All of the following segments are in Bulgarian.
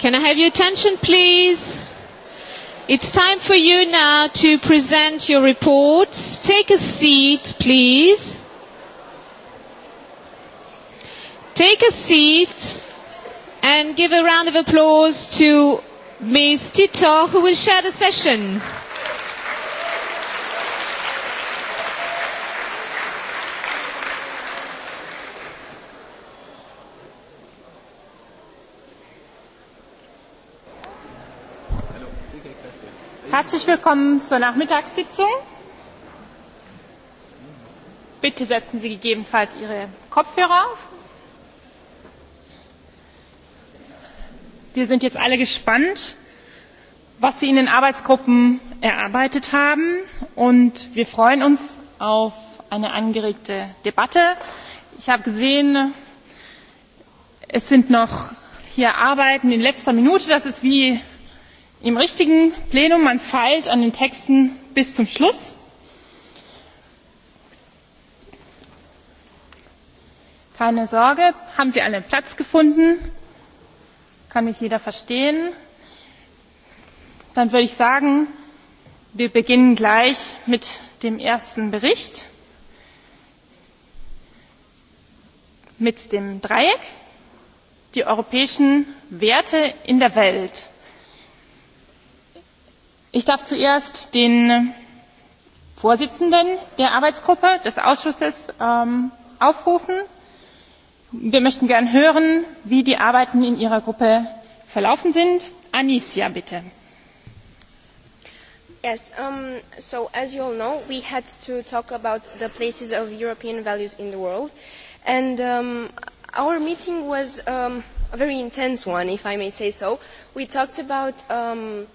Can I have your attention, please? It's time for you now to present your reports. Take a seat, please. Take a seat and give a round of applause to Ms. Tito, who will share the session. Herzlich willkommen zur Nachmittagssitzung. Bitte setzen Sie gegebenenfalls Ihre Kopfhörer auf. Wir sind jetzt alle gespannt, was Sie in den Arbeitsgruppen erarbeitet haben. Und wir freuen uns auf eine angeregte Debatte. Ich habe gesehen, es sind noch hier Arbeiten in letzter Minute. Das ist wie im richtigen plenum man feilt an den texten bis zum schluss keine sorge haben sie alle platz gefunden kann mich jeder verstehen dann würde ich sagen wir beginnen gleich mit dem ersten bericht mit dem dreieck die europäischen werte in der welt ich darf zuerst den vorsitzenden der arbeitsgruppe des ausschusses aufrufen. wir möchten gern hören wie die arbeiten in ihrer gruppe verlaufen sind. anicia bitte. Yes, um, so as you all know, we had to talk about the places of European values in the world. And um, our meeting was um, a very intense one, if I may say so. We talked about um,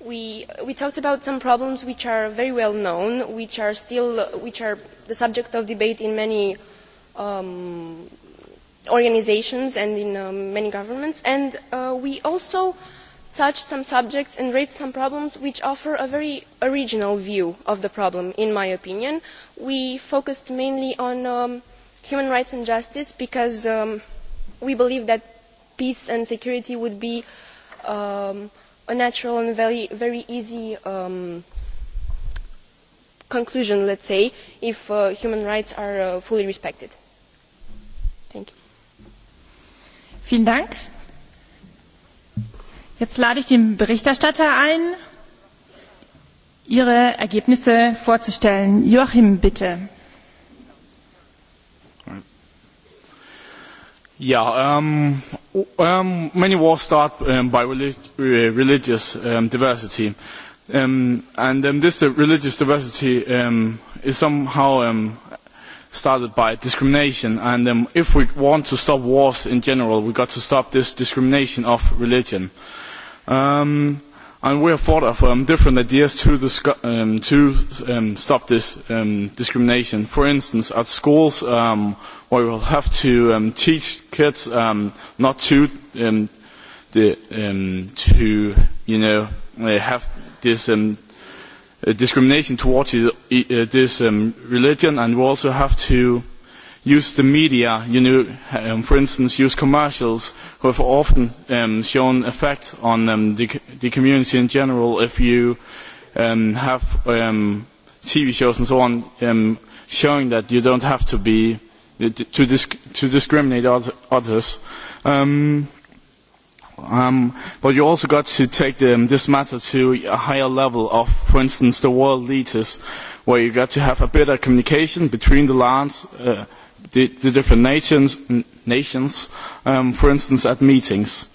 we we talked about some problems which are very well known, which are still which are the subject of debate in many um, organizations and in um, many governments, and uh, we also touched some subjects and raised some problems which offer a very original view of the problem, in my opinion. We focused mainly on um, human rights and justice because um, we believe that peace and security would be um, a natural and very, very easy um, conclusion, let's say, if uh, human rights are uh, fully respected. Thank you. Vielen Dank. Jetzt lade ich den Berichterstatter ein, Ihre Ergebnisse vorzustellen. Joachim, bitte. Ja, ähm, Um, many wars start um, by relig- religious um, diversity, um, and um, this religious diversity um, is somehow um, started by discrimination. And um, if we want to stop wars in general, we've got to stop this discrimination of religion. Um, and we have thought of um, different ideas to, um, to um, stop this um, discrimination. For instance, at schools, um, we will have to um, teach kids um, not to um, the, um, to you know have this um, discrimination towards this um, religion, and we also have to use the media, you for instance, use commercials, who have often shown effect on the, community in general if you have TV shows and so on showing that you don't have to be to, disc to discriminate others. but you also got to take this matter to a higher level of, for instance, the world leaders, where you got to have a better communication between the lands the, the different nations, nations um, for instance, at meetings.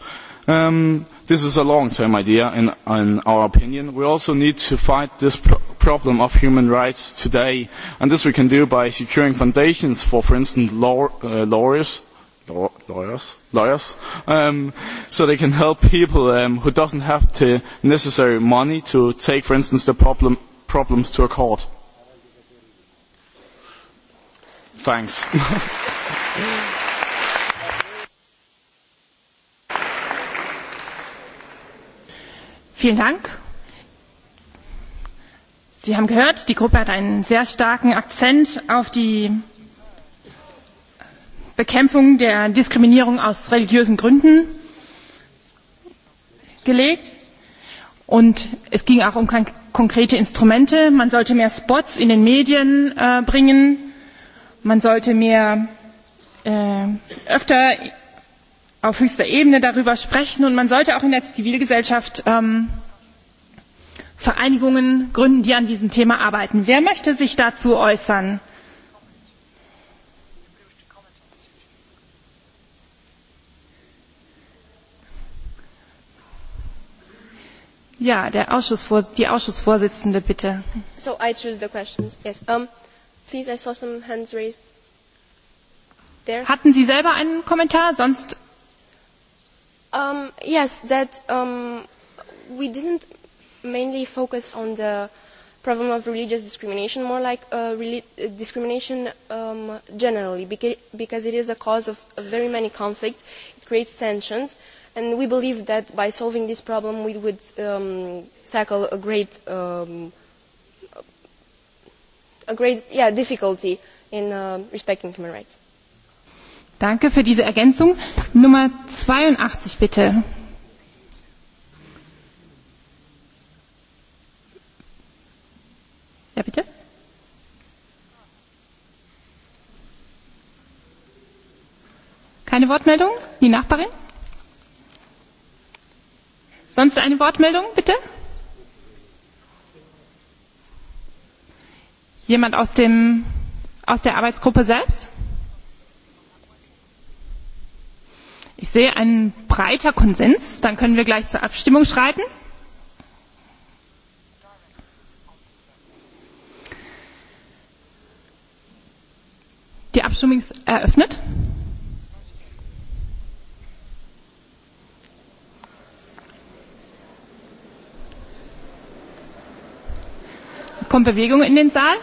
Um, this is a long-term idea, in, in our opinion. We also need to fight this pro problem of human rights today, and this we can do by securing foundations for, for instance, law, uh, lawyers, lawyers, lawyers, um, so they can help people um, who doesn't have the necessary money to take, for instance, the problem, problems to a court Thanks. Vielen Dank. Sie haben gehört, die Gruppe hat einen sehr starken Akzent auf die Bekämpfung der Diskriminierung aus religiösen Gründen gelegt. Und es ging auch um konkrete Instrumente. Man sollte mehr Spots in den Medien bringen man sollte mehr öfter auf höchster Ebene darüber sprechen und man sollte auch in der Zivilgesellschaft Vereinigungen gründen, die an diesem Thema arbeiten. Wer möchte sich dazu äußern? Ja, der Ausschussvor die Ausschussvorsitzende bitte. So I choose the questions. Yes. Um, Please, I saw some hands raised. There. Hatten Sie selber einen Kommentar? Sonst. Um, yes, that um, we didn't mainly focus on the problem of religious discrimination, more like uh, discrimination um, generally, because it is a cause of very many conflicts. It creates tensions, and we believe that by solving this problem, we would um, tackle a great um, a great yeah, difficulty in uh, respecting human rights. Danke für diese Ergänzung. Nummer 82 bitte. Ja, bitte. Keine Wortmeldung? Die Nachbarin? Sonst eine Wortmeldung, bitte? Jemand aus, dem, aus der Arbeitsgruppe selbst? Ich sehe einen breiter Konsens. Dann können wir gleich zur Abstimmung schreiten. Die Abstimmung ist eröffnet. Kommt Bewegung in den Saal?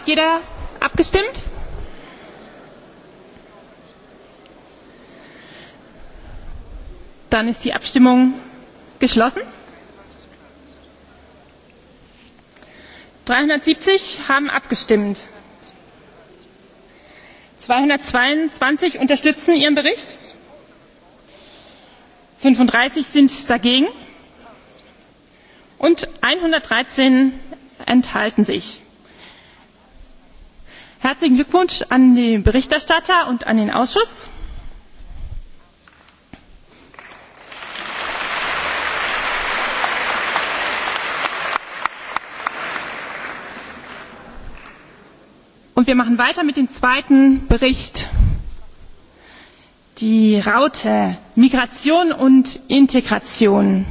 Hat jeder abgestimmt? Dann ist die Abstimmung geschlossen. 370 haben abgestimmt. 222 unterstützen Ihren Bericht. 35 sind dagegen und 113 enthalten sich. Herzlichen Glückwunsch an den Berichterstatter und an den Ausschuss. Und wir machen weiter mit dem zweiten Bericht. Die Raute Migration und Integration.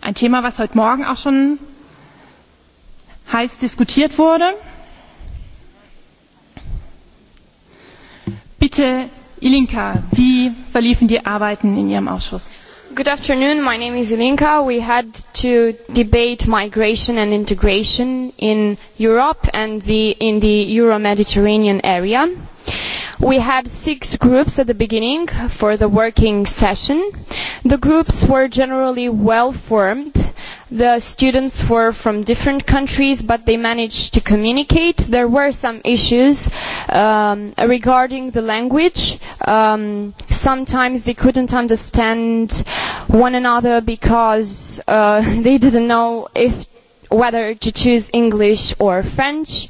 Ein Thema, was heute Morgen auch schon heiß diskutiert wurde. Bitte, Ilinka, wie verliefen die Arbeiten in Ihrem Ausschuss? Good afternoon, my name is Ilinka. We had to debate migration and integration in Europe and the, in the Euro-Mediterranean area. We had six groups at the beginning for the working session. The groups were generally well formed The students were from different countries, but they managed to communicate. There were some issues um, regarding the language. Um, sometimes they couldn't understand one another because uh, they didn't know if whether to choose English or French.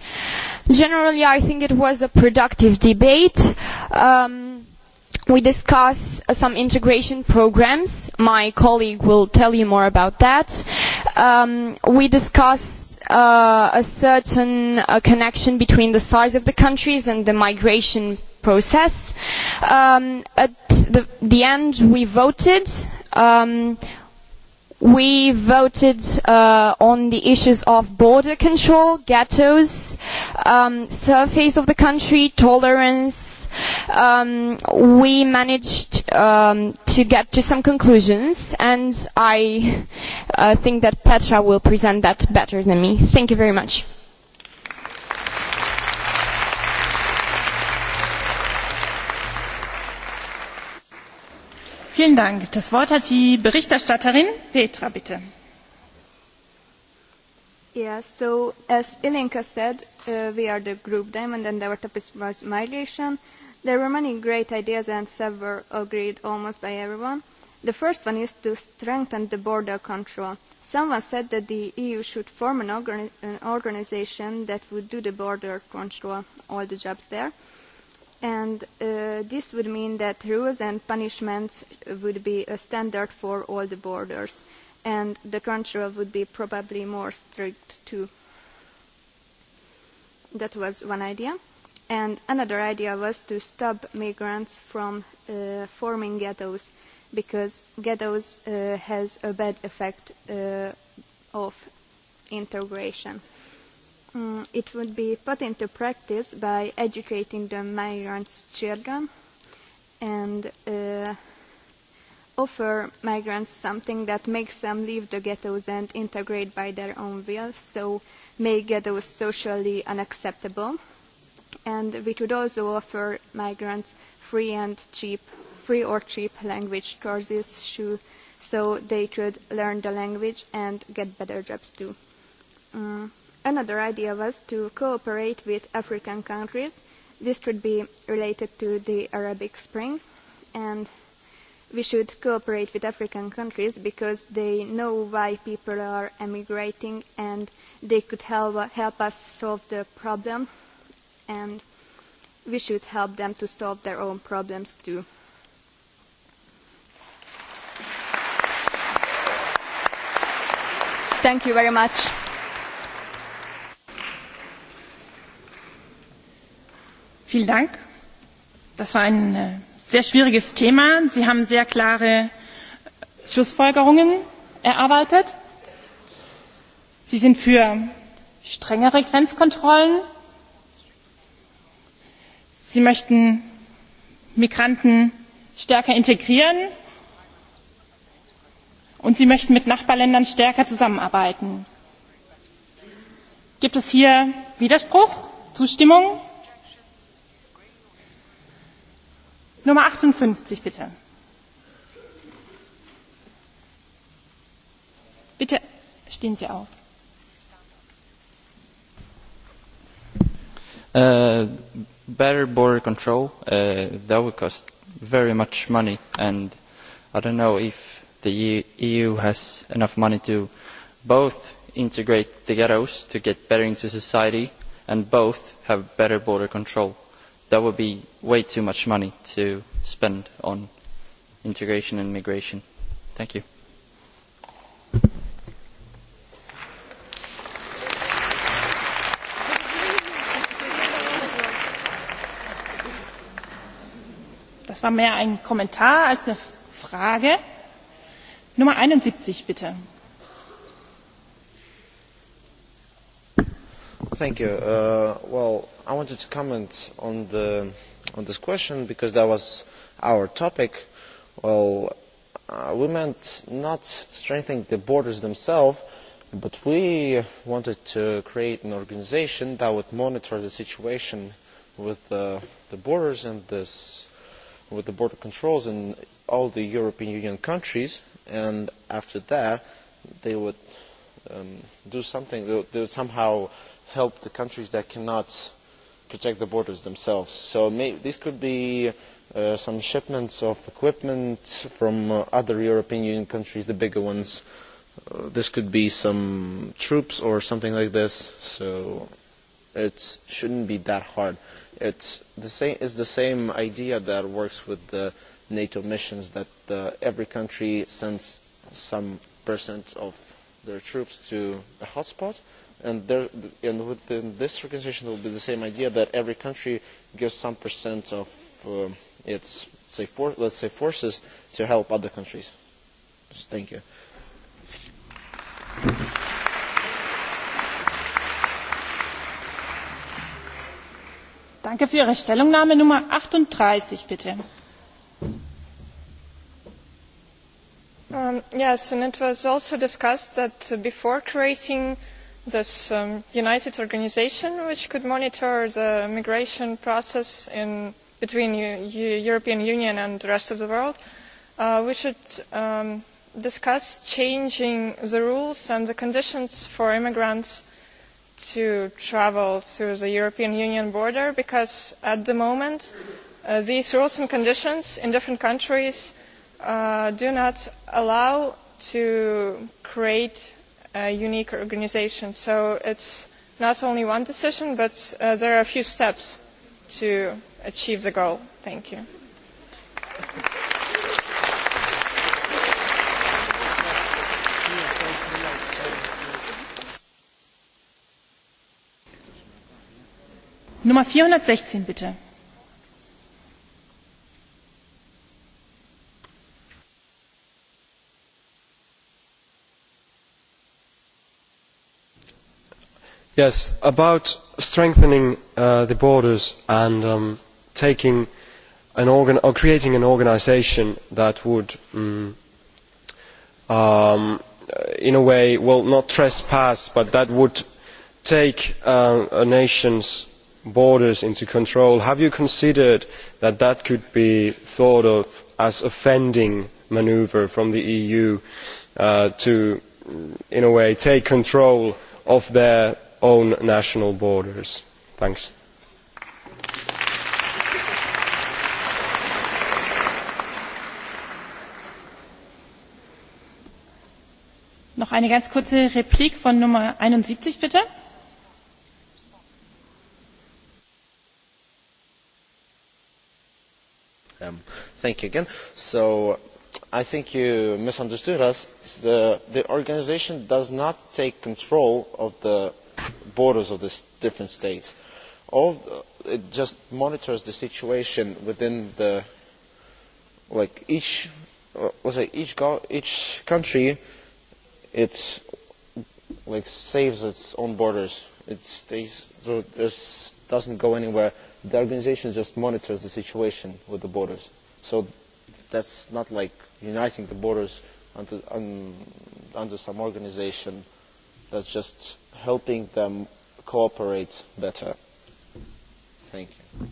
Generally, I think it was a productive debate. Um, we discuss some integration programs. My colleague will tell you more about that. Um, we discuss uh, a certain uh, connection between the size of the countries and the migration process. Um, at the, the end, we voted. Um, we voted uh, on the issues of border control, ghettos, um, surface of the country, tolerance. Um, we managed um, to get to some conclusions, and I uh, think that Petra will present that better than me. Thank you very much. Vielen Dank. Das Wort hat die Berichterstatterin Petra, bitte. Yeah, so as Ilinka said, uh, we are the group Diamond and our topic was migration. There were many great ideas and several agreed almost by everyone. The first one is to strengthen the border control. Someone said that the EU should form an, organi- an organization that would do the border control, all the jobs there and this would mean that rules and punishments would be a standard for all the borders, and the control would be probably more strict too. That was one idea. And another idea was to stop migrants from uh, forming ghettos, because ghettos uh, has a bad effect uh, of integration it would be put into practice by educating the migrants' children and uh, offer migrants something that makes them leave the ghettos and integrate by their own will, so make ghettos socially unacceptable. And we could also offer migrants free and cheap, free or cheap language courses so they could learn the language and get better jobs too. Mm Another idea was to cooperate with African countries. This could be related to the Arabic Spring, and we should cooperate with African countries because they know why people are emigrating and they could help, help us solve the problem, and we should help them to solve their own problems too. Thank you very much. Vielen Dank. Das war ein sehr schwieriges Thema. Sie haben sehr klare Schlussfolgerungen erarbeitet. Sie sind für strengere Grenzkontrollen. Sie möchten Migranten stärker integrieren. Und Sie möchten mit Nachbarländern stärker zusammenarbeiten. Gibt es hier Widerspruch? Zustimmung? nummer achtundfünfzig bitte bitte stehen sie auf. better border control that would cost very much money and i don't know if the eu has enough money to both integrate the ghettos to get better into society and both have better border control that would be way too much money to spend on integration and migration. Thank you. Das war mehr ein Kommentar als eine Frage. Nummer 71, bitte. Thank you. Uh, well, I wanted to comment on the on this question because that was our topic. Well, uh, we meant not strengthening the borders themselves, but we wanted to create an organization that would monitor the situation with the, the borders and this, with the border controls in all the European Union countries, and after that, they would um, do something. They would, they would somehow help the countries that cannot protect the borders themselves. So this could be some shipments of equipment from other European Union countries, the bigger ones. this could be some troops or something like this. So it shouldn't be that hard. It's the same. It's the same idea that works with the NATO missions that every country sends some percent of their troops to a hotspot and within this reconciliation it will be the same idea that every country gives some percent of its let's say forces to help other countries. Thank you. Danke für Ihre Stellungnahme Nummer 38, bitte. yes, and it was also discussed that before creating this united organisation which could monitor the migration process between the european union and the rest of the world we should discuss changing the rules and the conditions for immigrants to travel through the european union border because at the moment these rules and conditions in different countries do not allow to create unique organisation. So it's not only one decision, but there are a few steps to achieve the goal. Thank you. Nummer 416 bitte. Yes, about strengthening the borders and creating an organisation that would, in a way, well, not trespass, but that would take a nation's borders into control. Have you considered that that could be thought of as a fending manoeuvre from the EU to, in a way, take control of their own national borders. Noch eine ganz kurze Replik von Nummer 71, bitte. Um, thank you again. So I think you misunderstood us. The, the organization does not take control of the borders of the different states. All, it just monitors the situation within the, like each, let's say each, go, each country, it's like saves its own borders. It stays, so this doesn't go anywhere. The organization just monitors the situation with the borders. So that's not like uniting the borders under, um under some organization. That's just helping them cooperate better. Thank you.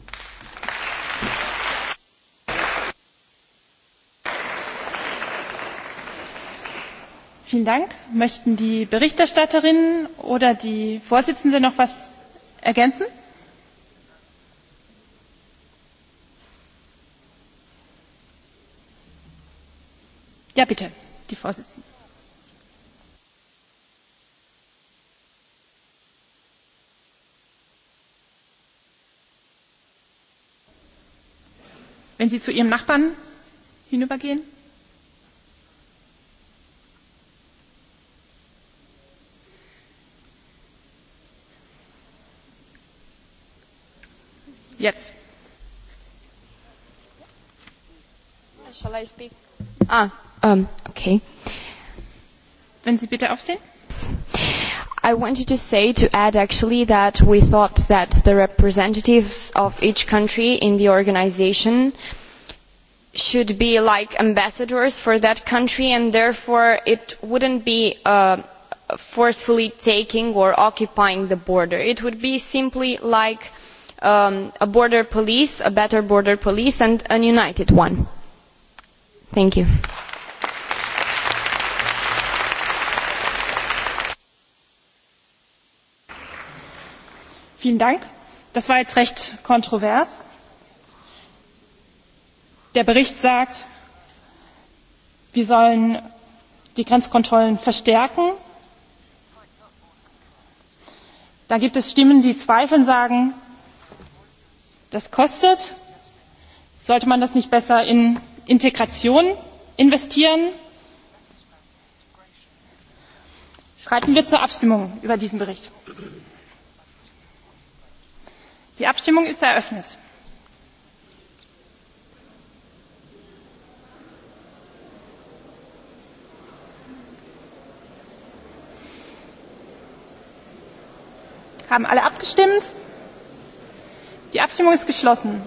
Vielen Dank. Möchten die Berichterstatterin oder die Vorsitzende noch etwas ergänzen? Ja, bitte, die Vorsitzende. wenn Sie zu Ihrem Nachbarn hinübergehen? Jetzt. Shall I speak? Ah, um, okay. Wenn Sie bitte aufstehen. I wanted to say, to add actually, that we thought that the representatives of each country in the organisation should be like ambassadors for that country and therefore it wouldn't be uh, forcefully taking or occupying the border. It would be simply like um, a border police, a better border police and a united one. Thank you. Vielen Dank. Das war jetzt recht kontrovers. Der Bericht sagt, wir sollen die Grenzkontrollen verstärken. Da gibt es Stimmen, die zweifeln, sagen, das kostet. Sollte man das nicht besser in Integration investieren? Schreiten wir zur Abstimmung über diesen Bericht die abstimmung ist eröffnet. haben alle abgestimmt? die abstimmung ist geschlossen.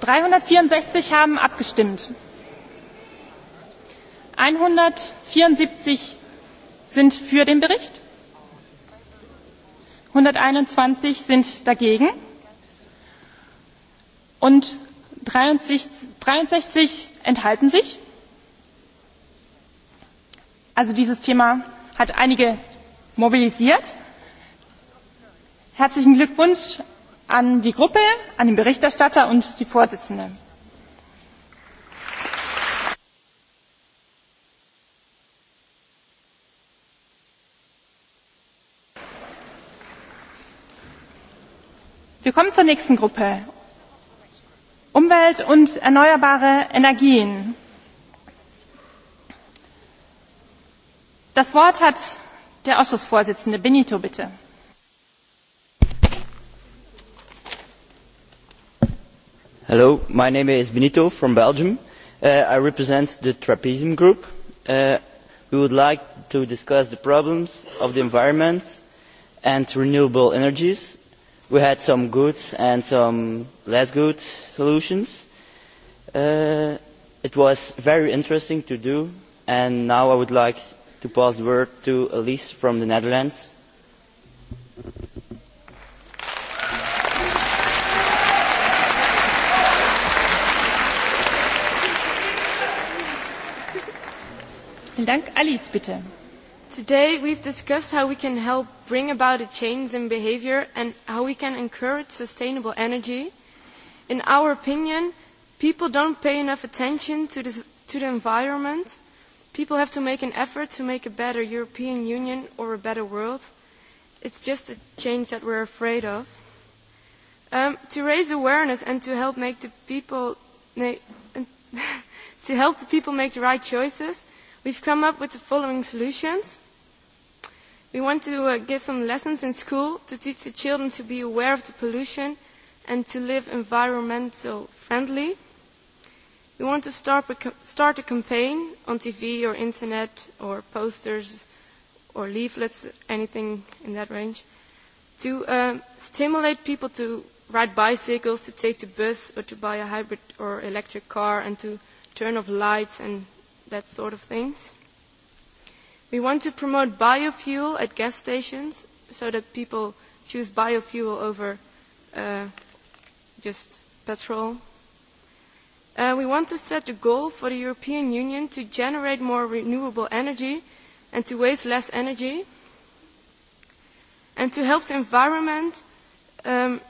dreihundertvierundsechzig haben abgestimmt einhundertvierundsiebzig sind für den Bericht, 121 sind dagegen und 63 enthalten sich. Also dieses Thema hat einige mobilisiert. Herzlichen Glückwunsch an die Gruppe, an den Berichterstatter und die Vorsitzende. wir kommen zur nächsten gruppe umwelt und erneuerbare energien. das wort hat der ausschussvorsitzende benito bitte. hello my name is benito from belgium. i represent the trapezium group. we would like to discuss the problems of the environment and renewable energies we had some good and some less good solutions. it was very interesting to do and now i would like to pass the word to elise from the netherlands. Dank, Alice, bitte. Today we have discussed how we can help bring about a change in behaviour and how we can encourage sustainable energy. In our opinion, people don't pay enough attention to, this, to the environment. People have to make an effort to make a better European Union or a better world. It's just a change that we're afraid of. Um, to raise awareness and to help make the people to help the people make the right choices, we've come up with the following solutions. We want to uh, give some lessons in school to teach the children to be aware of the pollution and to live environmental friendly. We want to start a, start a campaign on TV or internet or posters or leaflets, anything in that range, to uh, stimulate people to ride bicycles, to take the bus or to buy a hybrid or electric car and to turn off lights and that sort of things. We want to promote biofuel at gas stations so that people choose biofuel over uh, just petrol. Uh, we want to set a goal for the European Union to generate more renewable energy and to waste less energy and to help the environment, um,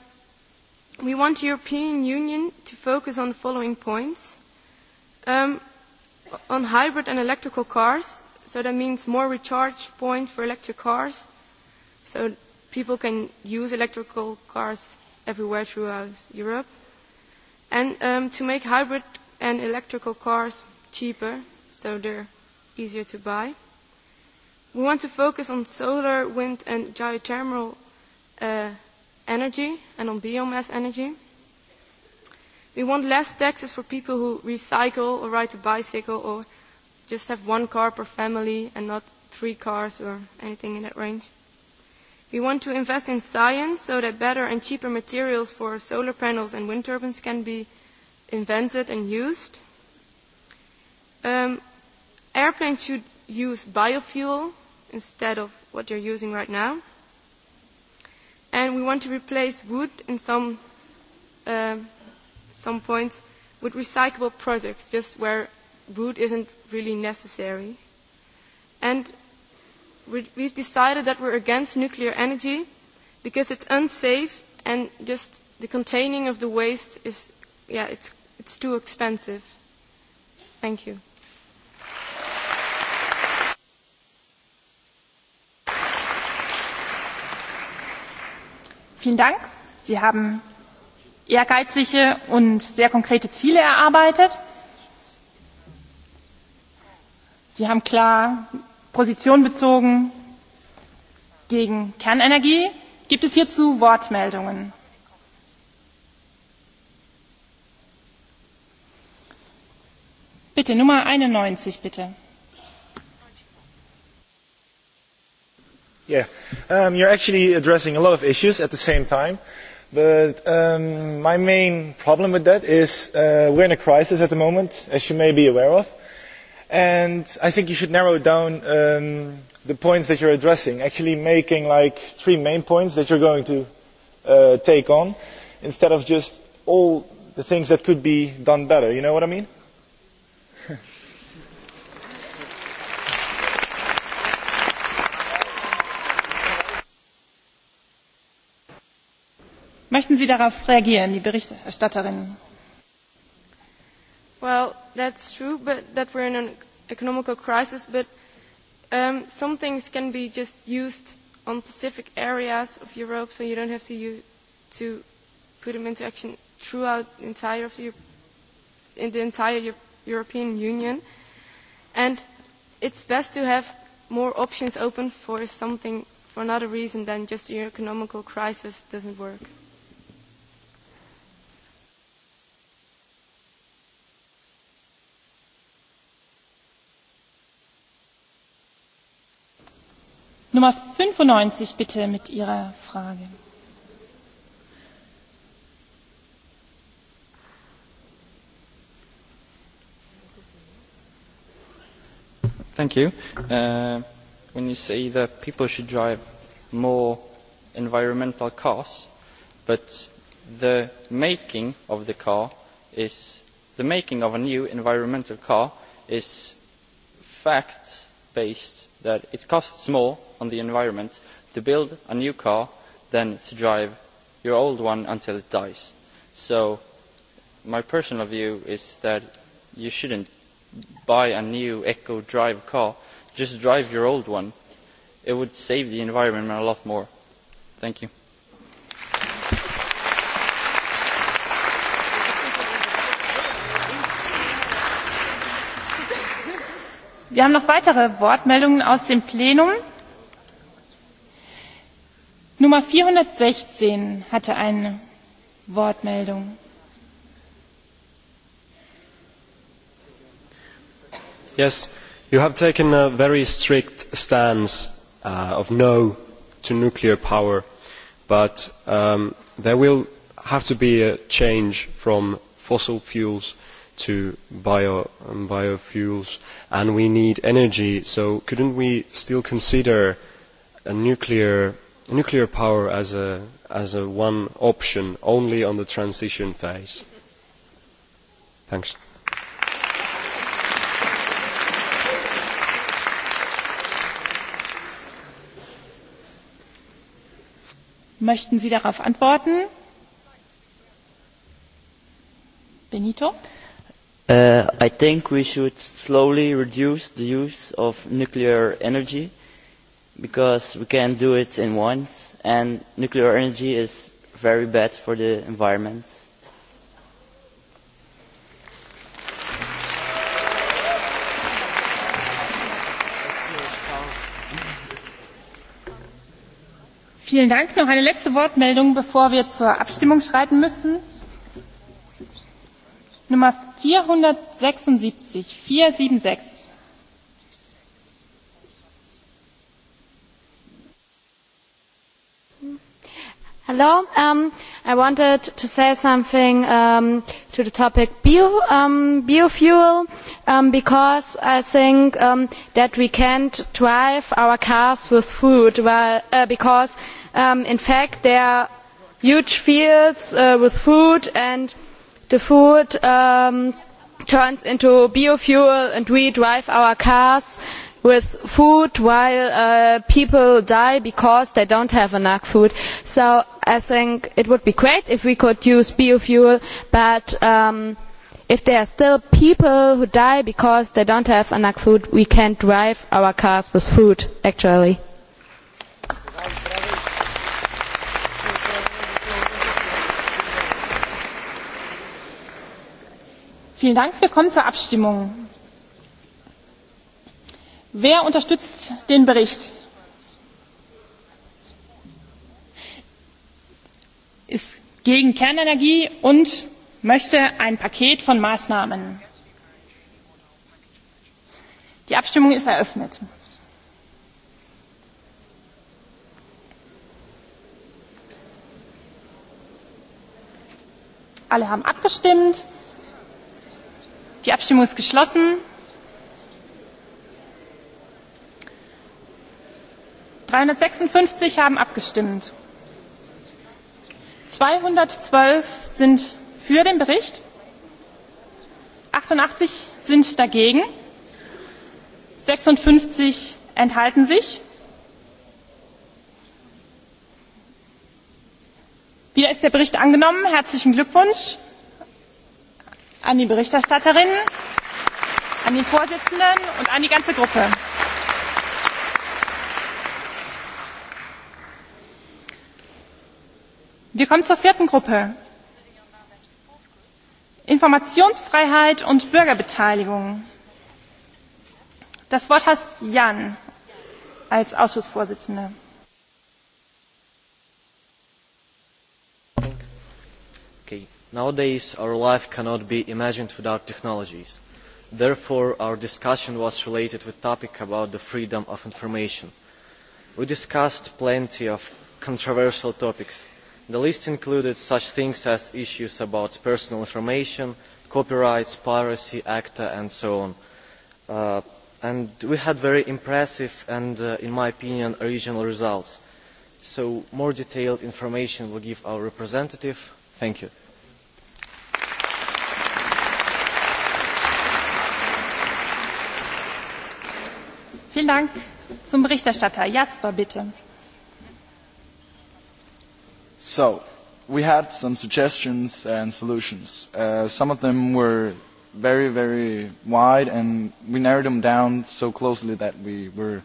we want the European Union to focus on the following points. Um, on hybrid and electrical cars, So that means more recharge points for electric cars. So people can use electrical cars everywhere throughout Europe. And um, to make hybrid and electrical cars cheaper, so they're easier to buy. We want to focus on solar, wind and geothermal uh, energy and on biomass energy. We want less taxes for people who recycle or ride a bicycle or just have one car per family and not three cars or anything in that range. We want to invest in science so that better and cheaper materials for solar panels and wind turbines can be invented and used. Um, airplanes should use biofuel instead of what they're using right now. And we want to replace wood in some, uh, some points with recyclable products, just where route isn't really necessary. And we've decided that we're against nuclear energy because it's unsafe and just the containing of the waste is, yeah, it's, it's too expensive. Thank you. Vielen Dank. Sie haben ehrgeizige und sehr konkrete Ziele erarbeitet. Sie haben klar Position bezogen gegen Kernenergie. Gibt es hierzu Wortmeldungen? Bitte, Nummer 91, bitte. Yeah, um, you're actually addressing a lot of issues at the same time. But um, my main problem with that is uh, we're in a crisis at the moment, as you may be aware of and i think you should narrow down the points that you are addressing actually making like three main points that you are going to take on instead of just all the things that could be done better you know what i mean? Möchten Sie darauf reagieren, die Berichterstatterin? Well, that's true, but that we're in an economical crisis, but um, some things can be just used on specific areas of Europe, so you don't have to use to put them into action throughout the entire of the, in the entire European Union. And it's best to have more options open for something for another reason than just the economical crisis doesn't work. Nummer 95 bitte mit Ihrer Frage. Thank you. Uh, when you say that people should drive more environmental cars, but the making of the car is the making of a new environmental car is fact based that it costs more on the environment to build a new car than to drive your old one until it dies. so my personal view is that you should not buy a new eco drive car just drive your old one. it would save the environment a lot more. thank you. wir haben noch weitere wortmeldungen aus dem plenum. nummer vierhundertsechzehn hatte eine wortmeldung. yes you have taken a very strict stance of no to nuclear power but there will have to be a change from fossil fuels to bio, um, biofuels, and we need energy. So couldn't we still consider a nuclear, nuclear power as a, as a one option only on the transition phase? Thanks. Möchten Sie darauf antworten? Benito? I think we should slowly reduce the use of nuclear energy because we can't do it in once and nuclear energy is very bad for the environment. Vielen Dank. Noch eine letzte Wortmeldung, bevor wir zur Abstimmung schreiten müssen. Nummer 476, 476. Hello, um, I wanted to say something um, to the topic bio, um, biofuel um, because I think um, that we can't drive our cars with food well, uh, because um, in fact there are huge fields uh, with food and the food turns into biofuel and we drive our cars with food while people die because they do not have enough food. So I think it would be great if we could use biofuel, but if there are still people who die because they do not have enough food, we can't drive our cars with food, actually. Vielen Dank. Wir kommen zur Abstimmung. Wer unterstützt den Bericht? Ist gegen Kernenergie und möchte ein Paket von Maßnahmen. Die Abstimmung ist eröffnet. Alle haben abgestimmt. Die Abstimmung ist geschlossen. 356 haben abgestimmt. 212 sind für den Bericht, 88 sind dagegen, 56 enthalten sich. Wieder ist der Bericht angenommen. Herzlichen Glückwunsch an die Berichterstatterin, an den Vorsitzenden und an die ganze Gruppe. Wir kommen zur vierten Gruppe. Informationsfreiheit und Bürgerbeteiligung. Das Wort hat Jan als Ausschussvorsitzender. Nowadays, our life cannot be imagined without technologies. Therefore, our discussion was related with the topic about the freedom of information. We discussed plenty of controversial topics. The list included such things as issues about personal information, copyrights, piracy, ACTA, and so on. and we had very impressive and, in my opinion, original results. So more detailed information will give our representative. Thank you. Vielen Dank zum Berichterstatter. Jasper, bitte. So, we had some suggestions and solutions. Uh, some of them were very, very wide, and we narrowed them down so closely that we were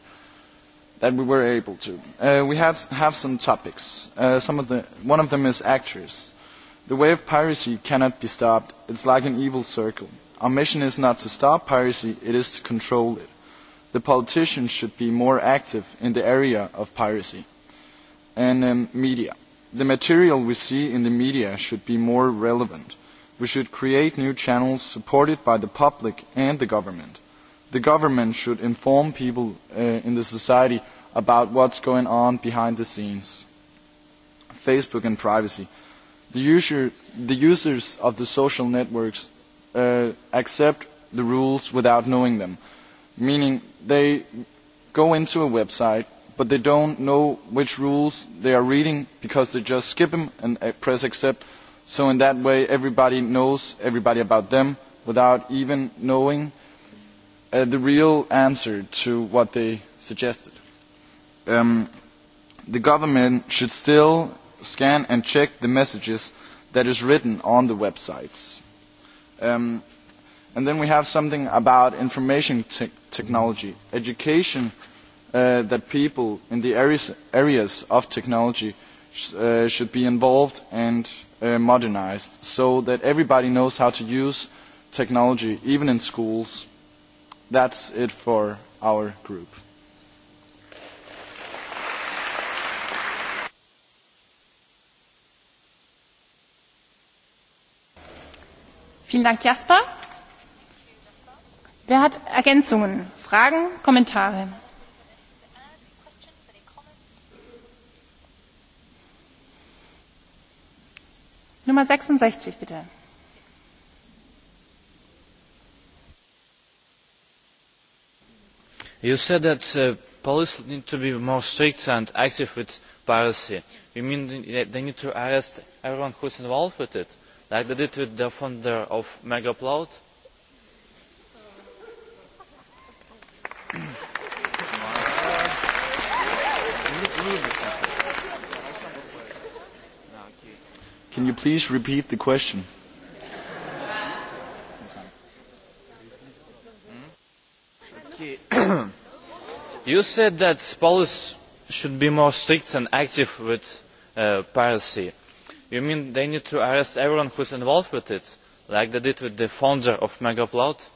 that we were able to. Uh, we had, have some topics. Uh, some of the, one of them is actors. The way of piracy cannot be stopped. It's like an evil circle. Our mission is not to stop piracy, it is to control it the politicians should be more active in the area of piracy. And media. The material we see in the media should be more relevant. We should create new channels supported by the public and the government. The government should inform people in the society about what's going on behind the scenes. Facebook and privacy. The, user, the users of the social networks accept the rules without knowing them meaning they go into a website, but they don't know which rules they are reading because they just skip them and press accept. So in that way, everybody knows everybody about them without even knowing uh, the real answer to what they suggested. Um, the government should still scan and check the messages that is written on the websites. Um, And then we have something about information te technology, education uh, that people in the areas, areas of technology sh uh, should be involved and uh, modernized so that everybody knows how to use technology, even in schools. That's it for our group. Vielen Dank, Jasper. Wer hat Ergänzungen, Fragen, Kommentare? Nummer 66, bitte. You said that uh, police need to be more strict and active with piracy. You mean they need to arrest everyone who's involved with it, like they did with the founder of Megaplot? Can you please repeat the question? You said that police should be more strict and active with piracy. You mean they need to arrest everyone who is involved with it, like they did with the founder of Megaplot?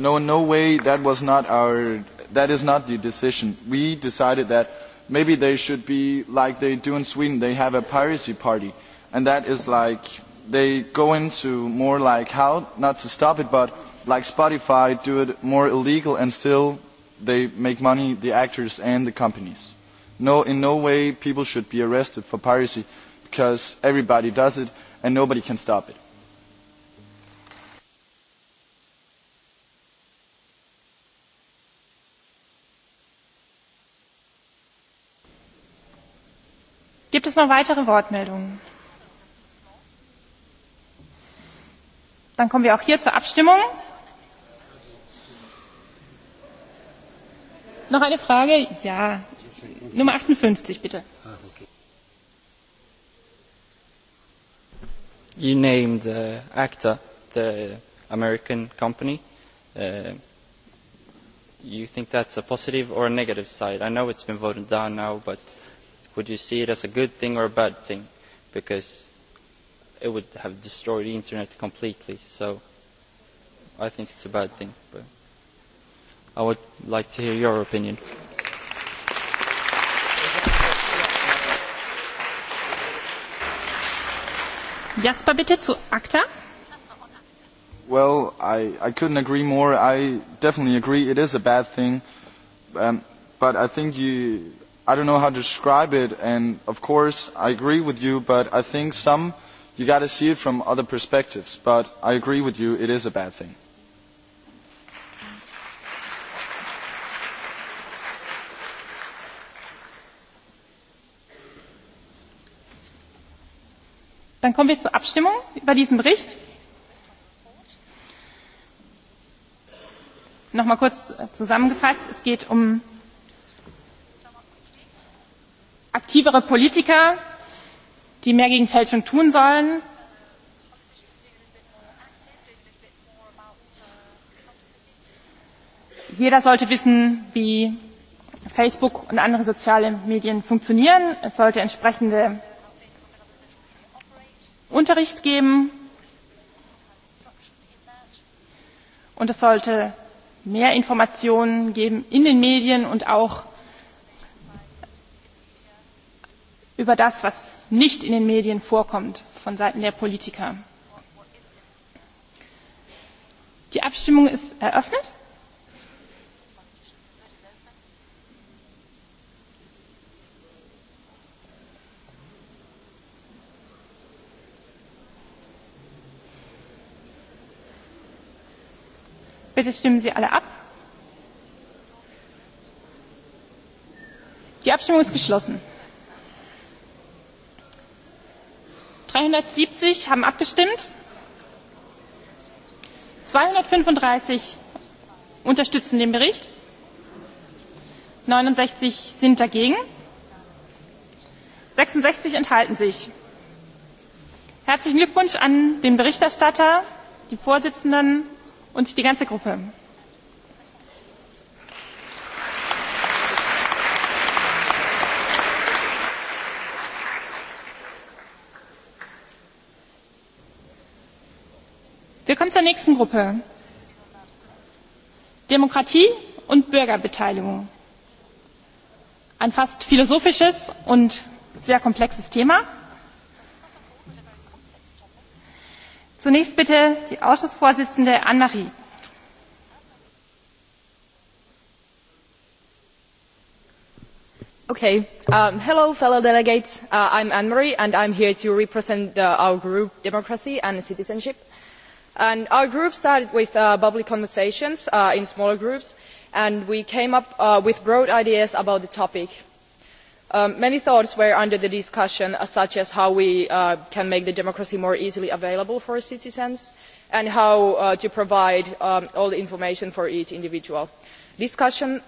no, in no way, that was not our, that is not the decision. We decided that maybe they should be like they do in Sweden, they have a piracy party. And that is like, they go into more like how not to stop it, but like Spotify, do it more illegal and still they make money, the actors and the companies. No, in no way people should be arrested for piracy because everybody does it and nobody can stop it. Gibt es noch weitere Wortmeldungen? Dann kommen wir auch hier zur Abstimmung. Noch eine Frage? Ja. Nummer 58, bitte. You named uh, ACTA, the American company. Uh, you think that's a positive or a negative side? I know it's been voted down now, but would you see it as a good thing or a bad thing? Because it would have destroyed the internet completely. So I think it's a bad thing. But I would like to hear your opinion. Jasper, bitte zu ACTA. Well, I, I couldn't agree more. I definitely agree it is a bad thing. Um, but I think you, I don't know how to describe it. And of course, I agree with you, but I think some you got to see it from other perspectives. But I agree with you, it is a bad thing. Dann kommen wir zur Abstimmung über diesen Bericht. Nochmal kurz zusammengefasst. Es geht um aktivere Politiker, die mehr gegen Fälschung tun sollen. Jeder sollte wissen, wie Facebook und andere soziale Medien funktionieren. Es sollte entsprechende Unterricht geben. Und es sollte mehr Informationen geben in den Medien und auch über das, was nicht in den Medien vorkommt von Seiten der Politiker. Die Abstimmung ist eröffnet. Bitte stimmen Sie alle ab. Die Abstimmung ist geschlossen. dreihundertsiebzig haben abgestimmt zweihundertfünfunddreißig unterstützen den bericht neunundsechzig sind dagegen sechsundsechzig enthalten sich. herzlichen glückwunsch an den berichterstatter die vorsitzenden und die ganze gruppe! zur nächsten gruppe demokratie und bürgerbeteiligung ein fast philosophisches und sehr komplexes thema. zunächst bitte die ausschussvorsitzende anne marie. Okay. Um, hello, fellow delegates. Uh, I'm Anne-Marie, and I'm here to represent the, our group, Democracy and Citizenship our group started with public conversations in smaller groups and we came up with broad ideas about the topic. many thoughts were under discussion such as how we can make democracy more easily available for citizens and how to provide all the information for each individual. discussion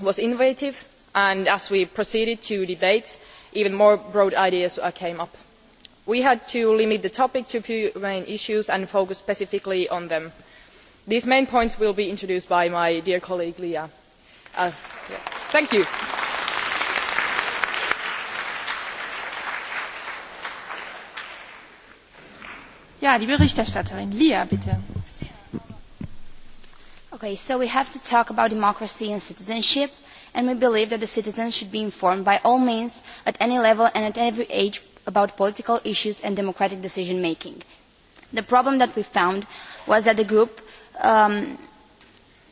was innovative and as we proceeded to debate even more broad ideas came up we had to limit the topic to a few main issues and focus specifically on them. these main points will be introduced by my dear colleague leah. thank you. Ja, die Berichterstatterin Lia, bitte. Okay, so we have to talk about democracy and citizenship, and we believe that the citizens should be informed by all means, at any level and at every age about political issues and democratic decision making. The problem that we found was that the group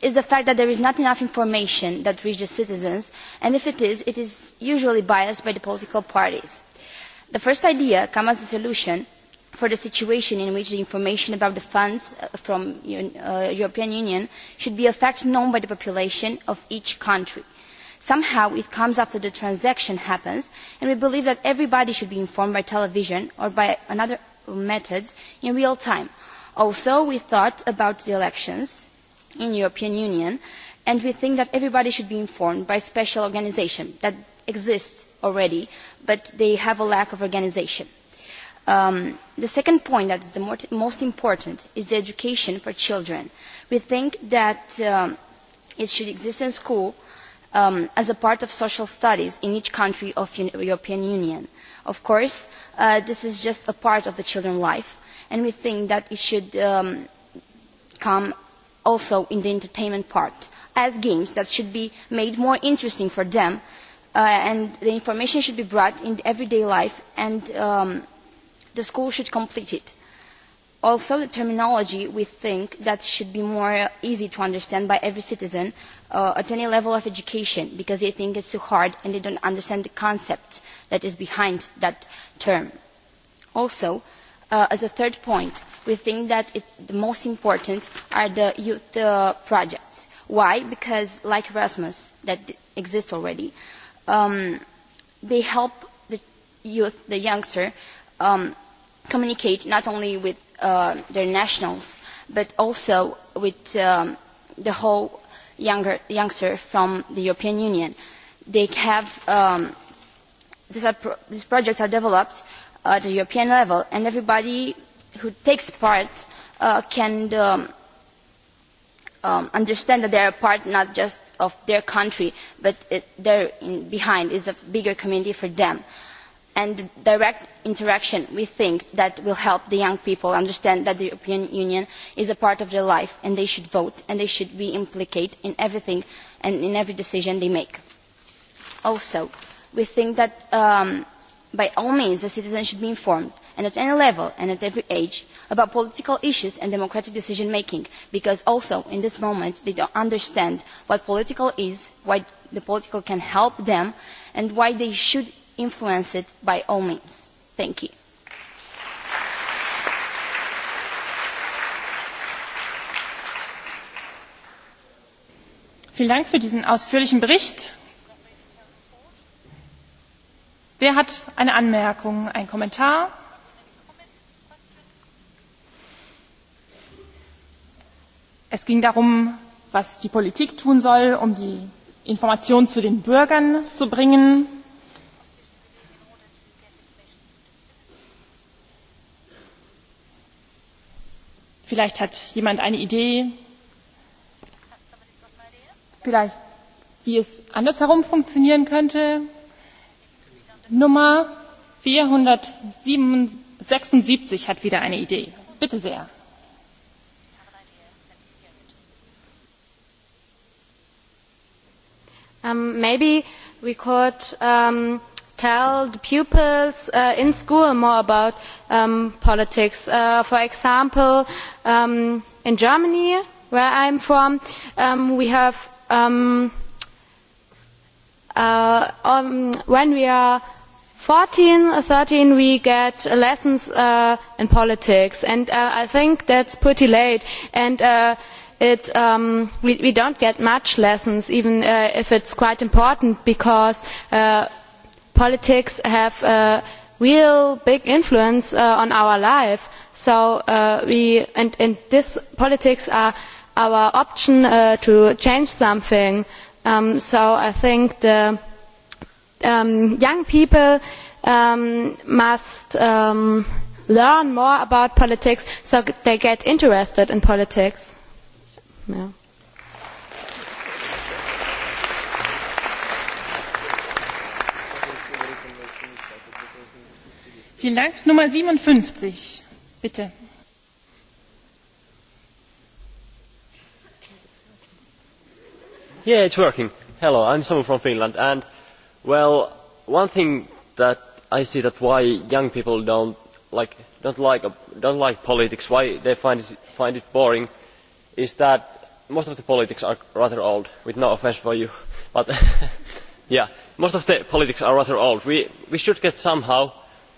is the fact that there is not enough information that reaches citizens, and if it is, it is usually biased by the political parties. The first idea comes as a solution for the situation in which the information about the funds from the European Union should be a fact known by the population of each country Somehow it comes after the transaction happens, and we believe that everybody should be informed by television or by another methods in real time. Also, we thought about the elections in the European Union, and we think that everybody should be informed by special organisations that exist already, but they have a lack of organisation. the second point that is the most important is the education for children. We think that it should exist in school as a part of social studies in each country of the European Union. Of course, this is just a part of the children's life, and we think that it should come also in the entertainment part, as games that should be made more interesting for them, and the information should be brought into everyday life, and the school should complete it also the terminology we think that should be more easy to understand by every citizen uh, at any level of education because they think it's too hard and they don't understand the concept that is behind that term. Also, uh, as a third point, we think that it, the most important are the youth uh, projects. Why? Because like Erasmus, that exists already, um, they help the youth, the youngster, um, communicate not only with uh, their nationals, but also with um, the whole younger, youngster from the European Union. They have um, these, are pro these projects are developed at the European level, and everybody who takes part uh, can um, um, understand that they are a part not just of their country, but it, they're in behind is a bigger community for them. Uh, and direct interaction we think that will help the young people understand that the European Union is a part of their life and they should vote and they should be implicated in everything and in every decision they make. Also, we think that by all means the citizens should be informed and at any level and at every age about political issues and democratic decision making because also in this moment they don't understand what political is, why the political can help them and why they should influence it by all means. Thank you. Vielen Dank für diesen ausführlichen Bericht. Wer hat eine Anmerkung, einen Kommentar? Es ging darum, was die Politik tun soll, um die Information zu den Bürgern zu bringen. vielleicht hat jemand eine idee vielleicht wie es andersherum funktionieren könnte. nummer 476 hat wieder eine idee. bitte sehr. um, maybe we could um, tell the pupils in school more about politics. for example, in Germany, where I am from, we have when we are fourteen or thirteen we get lessons in politics and i think that is pretty late and we do not get much lessons even if it is quite important because politics have a real big influence on our life. So we and, and this politics are our option to change something. so I think the young people must learn more about politics so they get interested in politics. Yeah. Vielen Dank. Nummer 57, bitte. Yeah, it's working. Hello, I'm someone from Finland, and well, one thing that I see that why young people don't like don't like don't like politics, why they find it, find it boring, is that most of the politics are rather old. With no offense for you, but yeah, most of the politics are rather old. We we should get somehow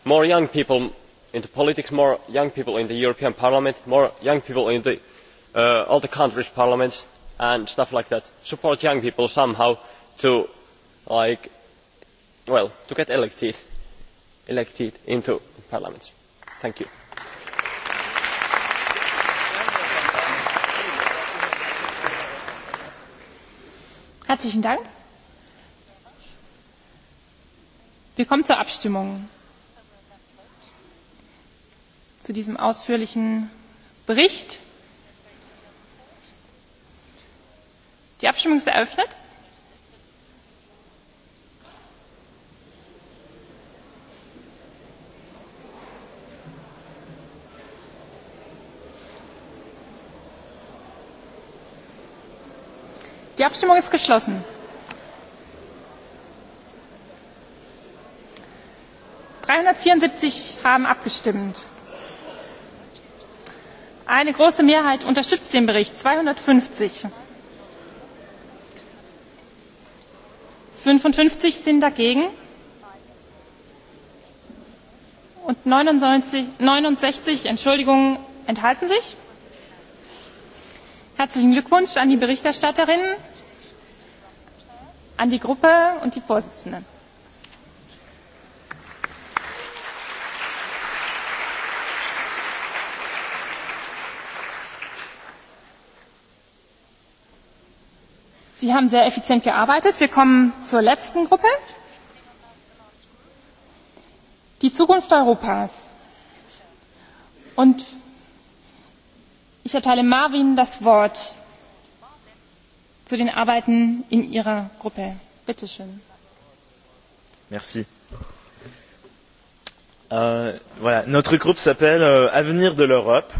more young people into politics more young people in the european parliament more young people in all the countries' parliaments and stuff like that support young people somehow to get elected into parliaments. thank you zu diesem ausführlichen Bericht. Die Abstimmung ist eröffnet. Die Abstimmung ist geschlossen. 374 haben abgestimmt eine große mehrheit unterstützt den bericht zweihundertfünfzig fünfundfünfzig sind dagegen und neunundsechzig enthalten sich. herzlichen glückwunsch an die berichterstatterin an die gruppe und die vorsitzende. Sie haben sehr effizient gearbeitet. Wir kommen zur letzten Gruppe. Die Zukunft Europas. Und ich erteile Marvin das Wort zu den Arbeiten in Ihrer Gruppe. Bitte schön. Merci. Euh, voilà, notre groupe s'appelle euh, Avenir de l'Europe.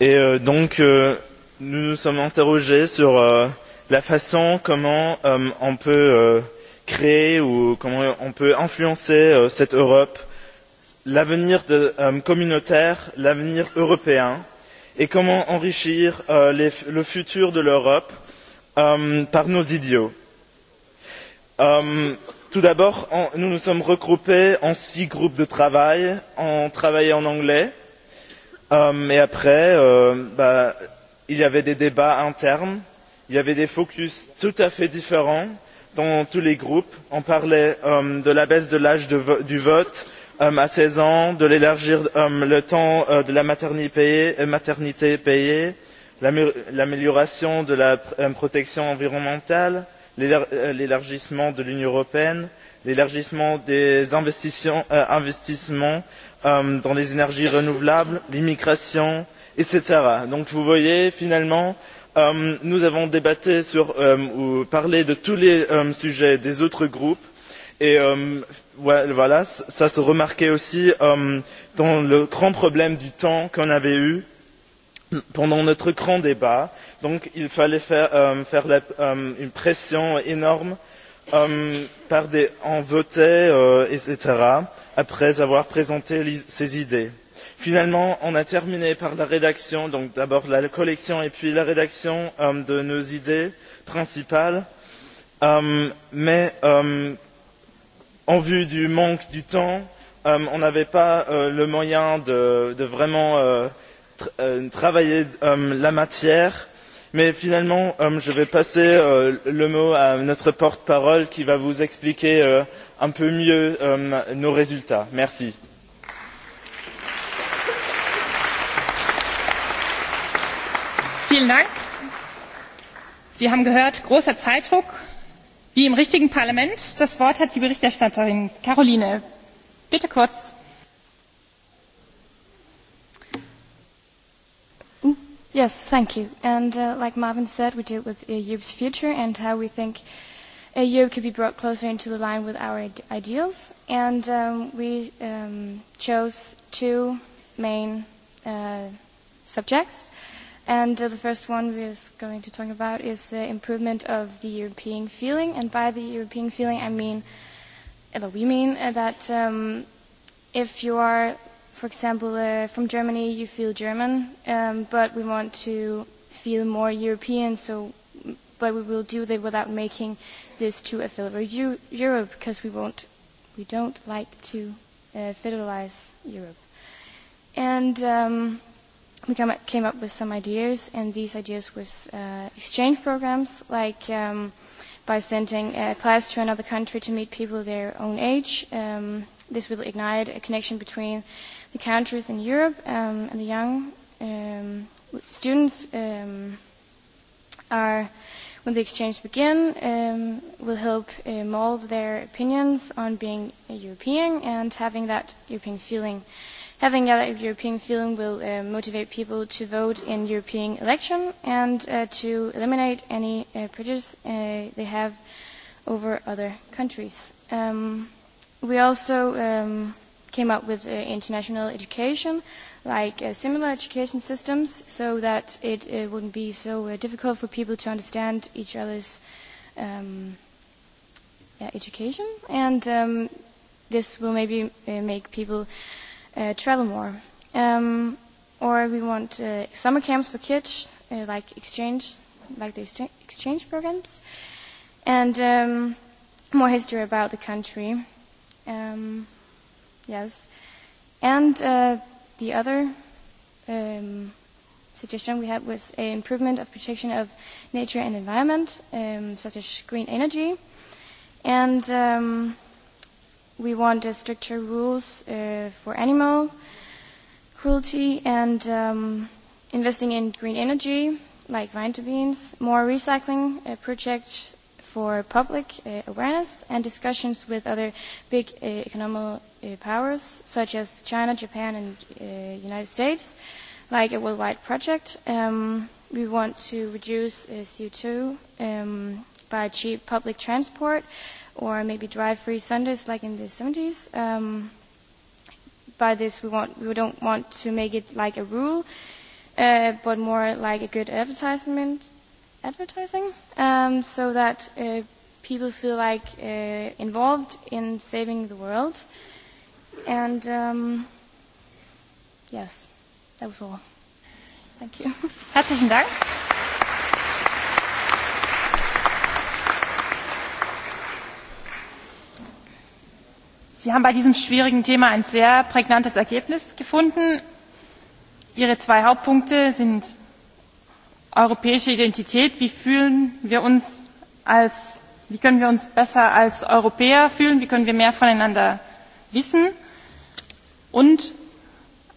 Et euh, donc, euh, nous nous sommes interrogés sur euh, la façon dont on peut créer ou comment on peut influencer cette europe l'avenir communautaire l'avenir européen et comment enrichir le futur de l'europe par nos idiots. tout d'abord nous nous sommes regroupés en six groupes de travail on travaillait en anglais et après il y avait des débats internes il y avait des focus tout à fait différents dans tous les groupes on parlait de la baisse de l'âge du vote à seize ans de l'élargir le temps de la maternité payée l'amélioration de la protection environnementale l'élargissement de l'union européenne l'élargissement des investissements dans les énergies renouvelables l'immigration etc. donc vous voyez finalement nous avons débattu ou parlé de tous les sujets des autres groupes et cela se remarquait aussi dans le grand problème du temps qu'on avait eu pendant notre grand débat. donc il fallait faire une pression énorme en votant etc. après avoir présenté ses idées finalement on a terminé par la rédaction donc d'abord la collection et puis la rédaction de nos idées principales mais en vue du manque de temps on n'avait pas le moyen de vraiment travailler la matière mais finalement je vais passer le mot à notre porte parole qui va vous expliquer un peu mieux nos résultats. merci. Vielen Dank. Sie haben gehört, großer Zeitdruck. Wie im richtigen Parlament, das Wort hat die Berichterstatterin Caroline. Bitte kurz. Yes, thank you. And uh, like Marvin said, we deal with EU's future and how we think EU could be brought closer into the line with our ideals. And um, we um, chose two main uh, subjects. And uh, the first one we're going to talk about is the improvement of the European feeling. And by the European feeling, I mean, we mean uh, that um, if you are, for example, uh, from Germany, you feel German, um, but we want to feel more European, so but we will do that without making this too a federal Europe, because we won't, we don't like to uh, federalize Europe. And... Um, we come, came up with some ideas, and these ideas was uh, exchange programs, like um, by sending a class to another country to meet people their own age. Um, this will ignite a connection between the countries in Europe um, and the young um, students um, are, when the exchange begin, um, will help uh, mold their opinions on being a European and having that European feeling. Having a European feeling will uh, motivate people to vote in European election and uh, to eliminate any uh, prejudice uh, they have over other countries. Um, we also um, came up with uh, international education, like uh, similar education systems, so that it, it wouldn't be so uh, difficult for people to understand each other's um, yeah, education. And um, this will maybe uh, make people uh, travel more. Um, or we want uh, summer camps for kids, uh, like exchange, like the exchange programs, and um, more history about the country. Um, yes, and uh, the other um, suggestion we had was an improvement of protection of nature and environment, um, such as green energy, and um, we want uh, stricter rules uh, for animal cruelty and um, investing in green energy like vine to beans more recycling uh, projects for public uh, awareness and discussions with other big uh, economic uh, powers such as China, Japan and uh, United States like a worldwide project. Um, we want to reduce uh, CO2 um, by cheap public transport uh, or maybe drive-free Sundays like in the 70s. Um, by this, we, want, we don't want to make it like a rule, uh, but more like a good advertisement, advertising, um, so that uh, people feel like uh, involved in saving the world. And um, yes, that was all. Thank you. Herzlichen Dank. Sie haben bei diesem schwierigen Thema ein sehr prägnantes Ergebnis gefunden. Ihre zwei Hauptpunkte sind europäische Identität. Wie fühlen wir uns als, wie können wir uns besser als Europäer fühlen? Wie können wir mehr voneinander wissen? Und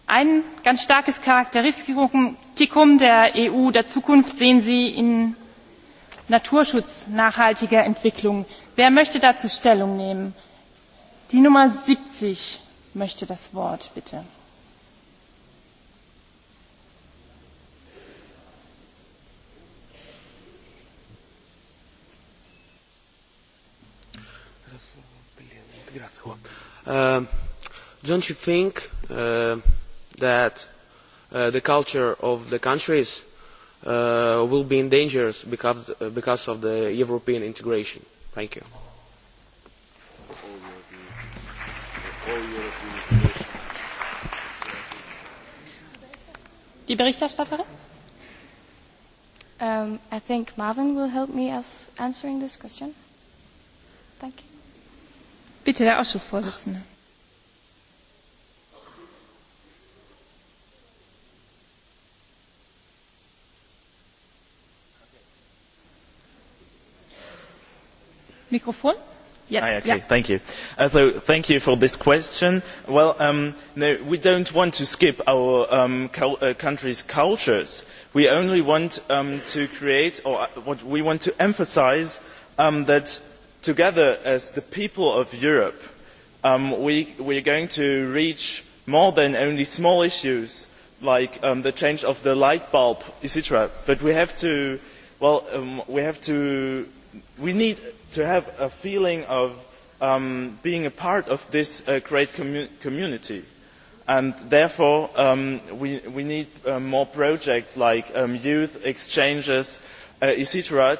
ein ganz starkes Charakteristikum der EU der Zukunft sehen Sie in Naturschutz nachhaltiger Entwicklung. Wer möchte dazu Stellung nehmen? Die Nummer 70 möchte das Wort, bitte. Uh, don't you think uh, that uh, the culture of the countries uh, will be in danger because, because of the European integration? Thank you. Die Berichterstatterin? Um, I think Marvin will help me as answering this question. Thank you. Bitte, der Ausschussvorsitzende. Mikrofon? thank you for this question. we do not want to skip our countries' cultures we only want to create or what we want to emphasise that together as the people of europe we are going to reach more than only small issues like the change of the light bulb etc. but we have to we need to have a feeling of being a part of this great community and therefore we need more projects like youth exchanges etc.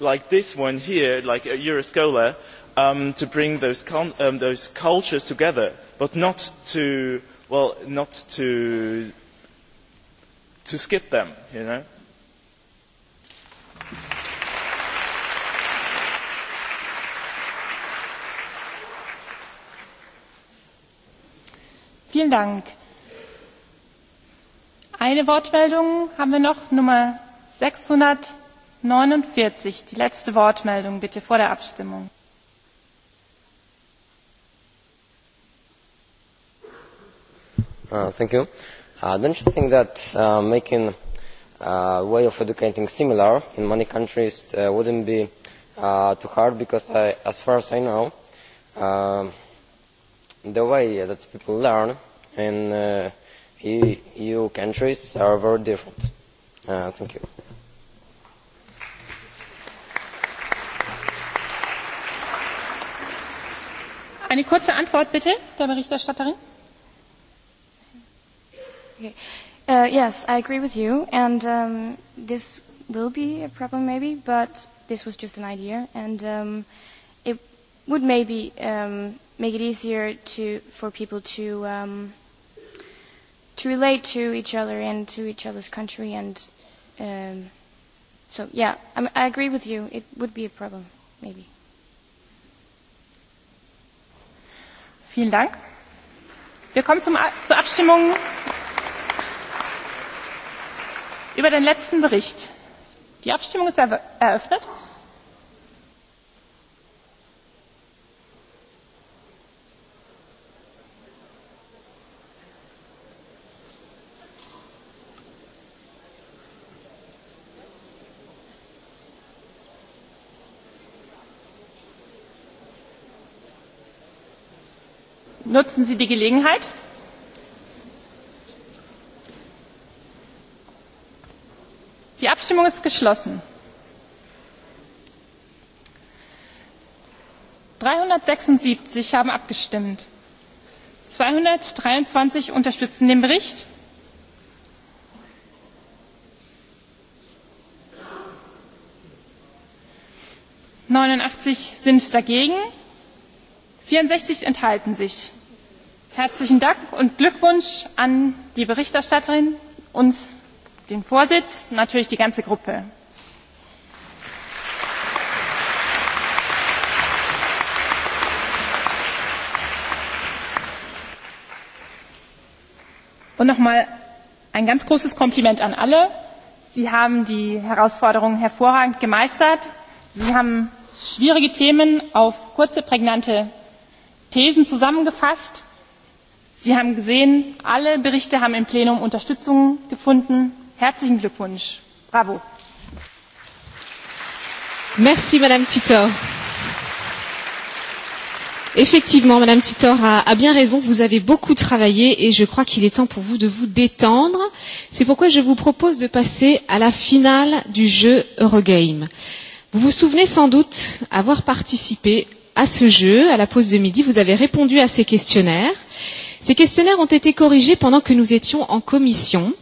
like this one here like Euroscola, to bring those cultures together but not to well not to to skip them you know Vielen Dank. Eine Wortmeldung haben wir noch, Nummer 649. Die letzte Wortmeldung bitte vor der Abstimmung. Uh, thank you. Uh, don't you think that uh, making a way of educating similar in many countries uh, wouldn't be uh, too hard? Because I, as far as I know, uh, the way that people learn in uh, EU countries are very different. Uh, thank you. Eine kurze Antwort bitte der Berichterstatterin. Okay. Uh, yes, I agree with you, and um, this will be a problem maybe, but this was just an idea, and. Um, would maybe um, make it easier to for people to um, to relate to each other and to each other's country and um, so yeah I'm I agree with you it would be a problem maybe vielen Dank wir kommen zum, zur Abstimmung über den letzten Bericht die Abstimmung ist eröffnet nutzen sie die gelegenheit die abstimmung ist geschlossen. dreihundertsechsundsiebzig haben abgestimmt zweihundertdreiundzwanzig unterstützen den bericht neunundachtzig sind dagegen vierundsechzig enthalten sich herzlichen Dank und Glückwunsch an die Berichterstatterin und den Vorsitz, und natürlich die ganze Gruppe. Und nochmal ein ganz großes Kompliment an alle. Sie haben die Herausforderung hervorragend gemeistert. Sie haben schwierige Themen auf kurze, prägnante Thesen zusammengefasst sie haben gesehen alle berichte haben im plenum unterstützung gefunden. herzlichen glückwunsch! bravo! merci madame titor. effectivement madame titor a, bien raison vous avez beaucoup travaillé et je crois qu'il est temps pour vous de vous détendre. c'est pourquoi je vous propose de passer à la finale du jeu eurogame. vous vous souvenez sans doute avoir participé à ce jeu à la pause de midi vous avez répondu à ces questionnaires Ces questionnaires ont été corrigés pendant que nous étions en commission.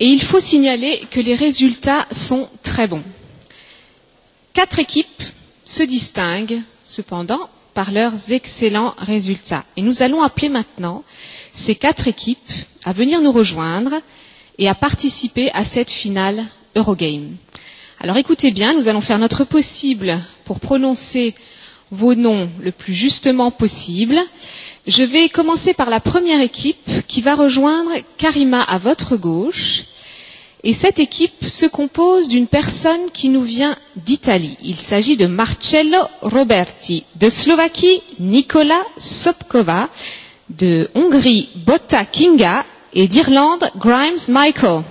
Et il faut signaler que les résultats sont très bons. Quatre équipes se distinguent cependant par leurs excellents résultats. Et nous allons appeler maintenant ces quatre équipes à venir nous rejoindre et à participer à cette finale Eurogame. Alors écoutez bien, nous allons faire notre possible pour prononcer vos noms le plus justement possible. Je vais commencer par la première équipe qui va rejoindre Karima à votre gauche. Et cette équipe se compose d'une personne qui nous vient d'Italie. Il s'agit de Marcello Roberti, de Slovaquie Nicola Sopkova, de Hongrie Botta Kinga et d'Irlande Grimes Michael.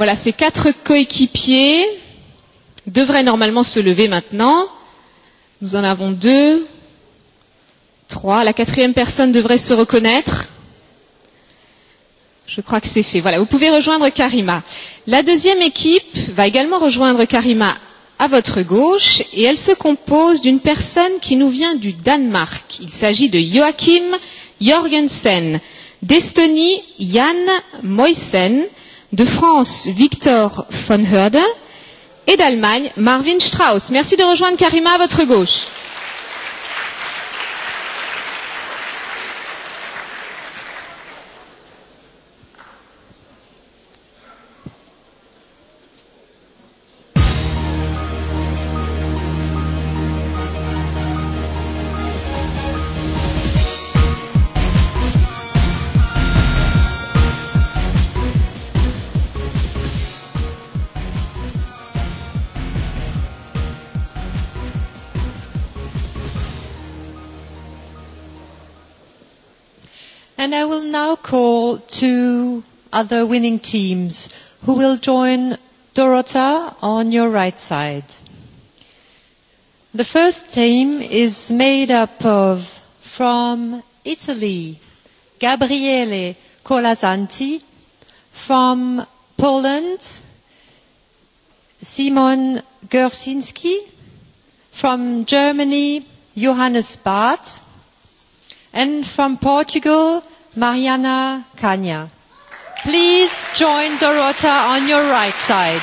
Voilà, ces quatre coéquipiers devraient normalement se lever maintenant. Nous en avons deux, trois. La quatrième personne devrait se reconnaître. Je crois que c'est fait. Voilà, vous pouvez rejoindre Karima. La deuxième équipe va également rejoindre Karima à votre gauche et elle se compose d'une personne qui nous vient du Danemark. Il s'agit de Joachim Jorgensen, d'Estonie Jan Moysen de France Victor von Hörde et d'Allemagne Marvin Strauss. Merci de rejoindre Karima à votre gauche. And I will now call two other winning teams who will join Dorota on your right side. The first team is made up of, from Italy, Gabriele Colasanti, from Poland, Simon Gersinski, from Germany, Johannes Barth, and from Portugal, Mariana Kanya. Please join Dorota on your right side.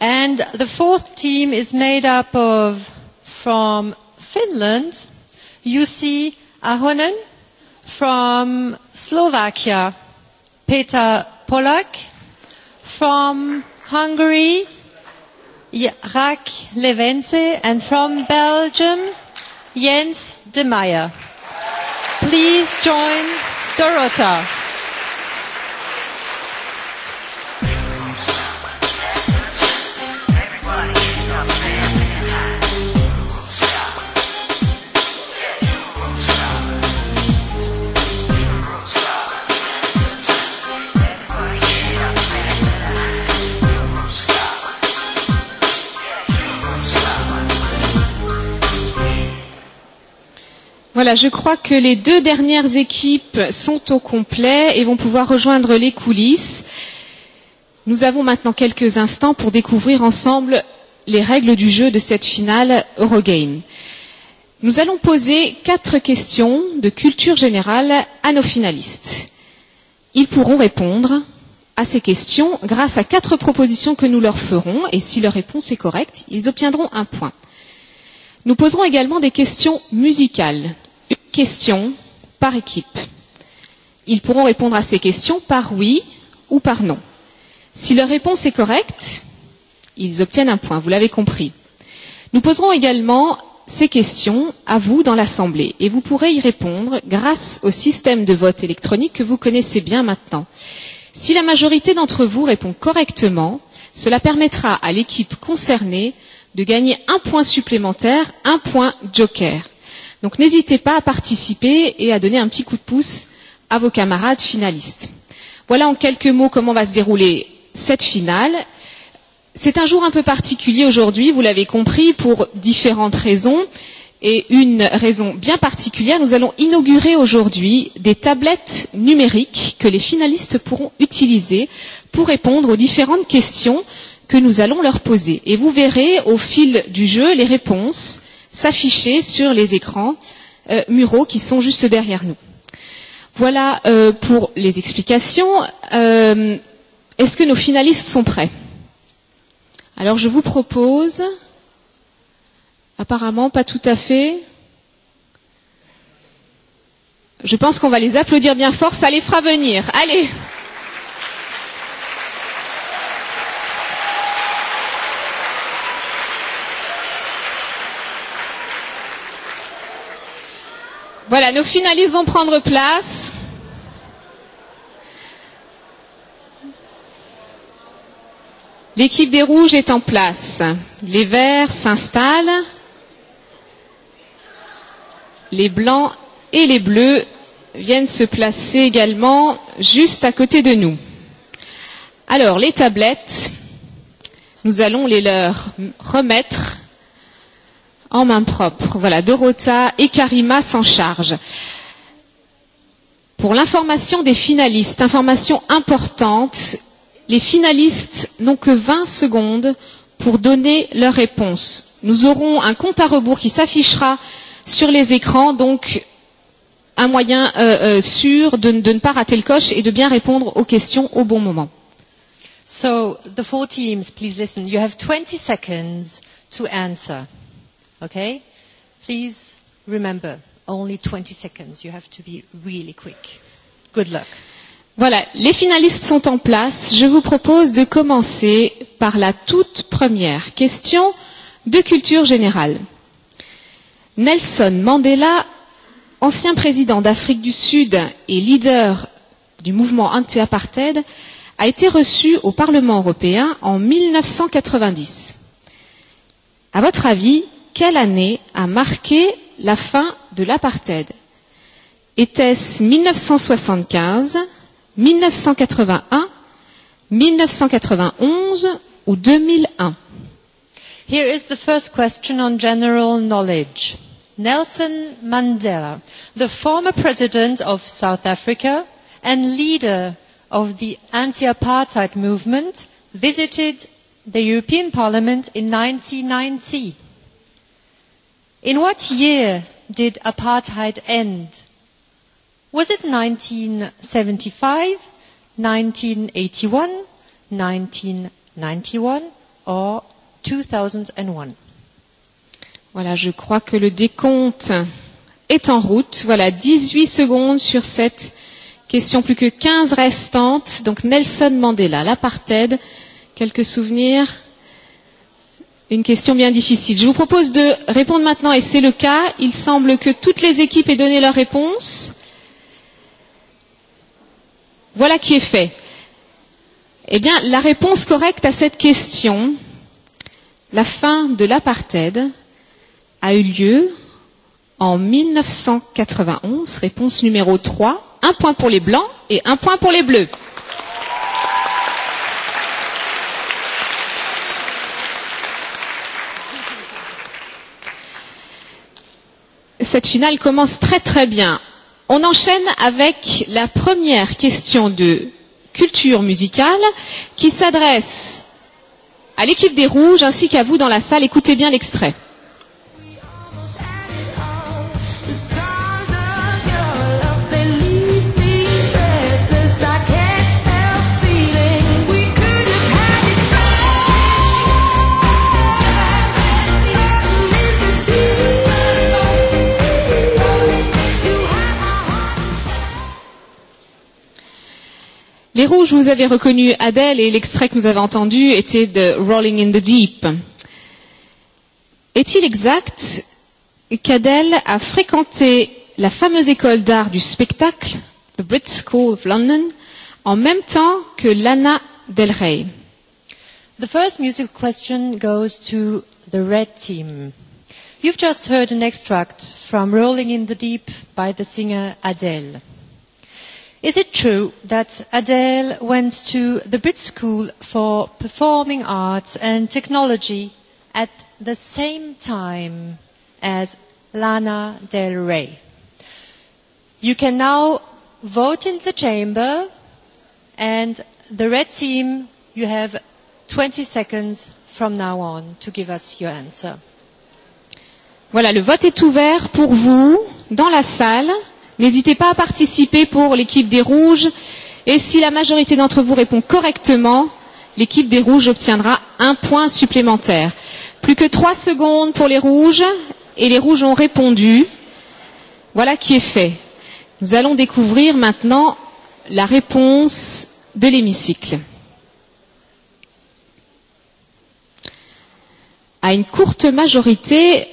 And the fourth team is made up of, from Finland, Jussi Ahonen, from Slovakia, Peter Polak, from Hungary, Jacques Levente and from Belgium, Jens de Meyer. Please join Dorota. Voilà, je crois que les deux dernières équipes sont au complet et vont pouvoir rejoindre les coulisses. Nous avons maintenant quelques instants pour découvrir ensemble les règles du jeu de cette finale Eurogame. Nous allons poser quatre questions de culture générale à nos finalistes. Ils pourront répondre à ces questions grâce à quatre propositions que nous leur ferons et si leur réponse est correcte, ils obtiendront un point. Nous poserons également des questions musicales questions par équipe. Ils pourront répondre à ces questions par oui ou par non. Si leur réponse est correcte, ils obtiennent un point, vous l'avez compris. Nous poserons également ces questions à vous dans l'Assemblée et vous pourrez y répondre grâce au système de vote électronique que vous connaissez bien maintenant. Si la majorité d'entre vous répond correctement, cela permettra à l'équipe concernée de gagner un point supplémentaire, un point joker. Donc n'hésitez pas à participer et à donner un petit coup de pouce à vos camarades finalistes. Voilà en quelques mots comment va se dérouler cette finale. C'est un jour un peu particulier aujourd'hui, vous l'avez compris, pour différentes raisons. Et une raison bien particulière, nous allons inaugurer aujourd'hui des tablettes numériques que les finalistes pourront utiliser pour répondre aux différentes questions que nous allons leur poser. Et vous verrez au fil du jeu les réponses s'afficher sur les écrans euh, muraux qui sont juste derrière nous. Voilà euh, pour les explications. Euh, Est-ce que nos finalistes sont prêts Alors je vous propose, apparemment pas tout à fait, je pense qu'on va les applaudir bien fort, ça les fera venir. Allez Voilà, nos finalistes vont prendre place. L'équipe des rouges est en place. Les verts s'installent. Les blancs et les bleus viennent se placer également juste à côté de nous. Alors, les tablettes, nous allons les leur remettre en main propre. Voilà, Dorota et Karima s'en chargent. Pour l'information des finalistes, information importante, les finalistes n'ont que 20 secondes pour donner leur réponse. Nous aurons un compte à rebours qui s'affichera sur les écrans, donc un moyen euh, euh, sûr de, de ne pas rater le coche et de bien répondre aux questions au bon moment. So, the four teams, please listen. You have 20 seconds to answer. Okay? Please remember, only 20 seconds. You have to be really quick. Good luck. Voilà, les finalistes sont en place. Je vous propose de commencer par la toute première question de culture générale. Nelson Mandela, ancien président d'Afrique du Sud et leader du mouvement anti-apartheid, a été reçu au Parlement européen en 1990. À votre avis, quelle année a marqué la fin de l'apartheid Était-ce 1975, 1981, 1991 ou 2001 Here is the first question on general knowledge. Nelson Mandela, the former president of South Africa and leader of the anti-apartheid movement, visited the European Parliament in 1990 In what year did apartheid end? Was it 1975, 1981, 1991 or 2001? Voilà, je crois que le décompte est en route. Voilà, 18 secondes sur cette question, plus que 15 restantes. Donc Nelson Mandela, l'apartheid, quelques souvenirs Une question bien difficile. Je vous propose de répondre maintenant, et c'est le cas. Il semble que toutes les équipes aient donné leur réponse. Voilà qui est fait. Eh bien, la réponse correcte à cette question, la fin de l'apartheid, a eu lieu en 1991. Réponse numéro 3. Un point pour les blancs et un point pour les bleus. cette finale commence très très bien. On enchaîne avec la première question de culture musicale qui s'adresse à l'équipe des Rouges ainsi qu'à vous dans la salle. Écoutez bien l'extrait. rouge, vous avez reconnu Adele et l'extrait que nous avons entendu était de Rolling in the Deep. Est-il exact qu'Adèle a fréquenté la fameuse école d'art du spectacle, The Brit School of London, en même temps que Lana Del Rey? The first musical question goes to the red team. You've just heard an extract from Rolling in the Deep by the singer Adele. Is it true that Adele went to the Brit School for Performing Arts and Technology at the same time as Lana Del Rey? You can now vote in the chamber and the red team, you have 20 seconds from now on to give us your answer. Voilà, le vote est ouvert pour vous dans la salle. N'hésitez pas à participer pour l'équipe des rouges. Et si la majorité d'entre vous répond correctement, l'équipe des rouges obtiendra un point supplémentaire. Plus que trois secondes pour les rouges et les rouges ont répondu. Voilà qui est fait. Nous allons découvrir maintenant la réponse de l'hémicycle. À une courte majorité,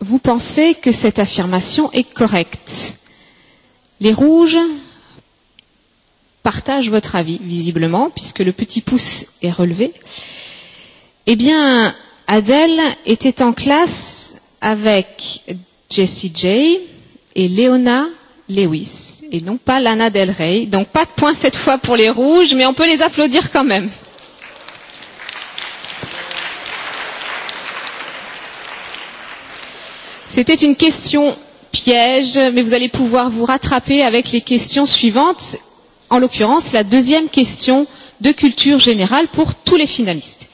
vous pensez que cette affirmation est correcte. Les rouges partagent votre avis, visiblement, puisque le petit pouce est relevé. Eh bien, Adèle était en classe avec Jessie J et Leona Lewis, et non pas Lana Del Rey. Donc pas de points cette fois pour les rouges, mais on peut les applaudir quand même. C'était une question piège, mais vous allez pouvoir vous rattraper avec les questions suivantes. En l'occurrence, la deuxième question de culture générale pour tous les finalistes.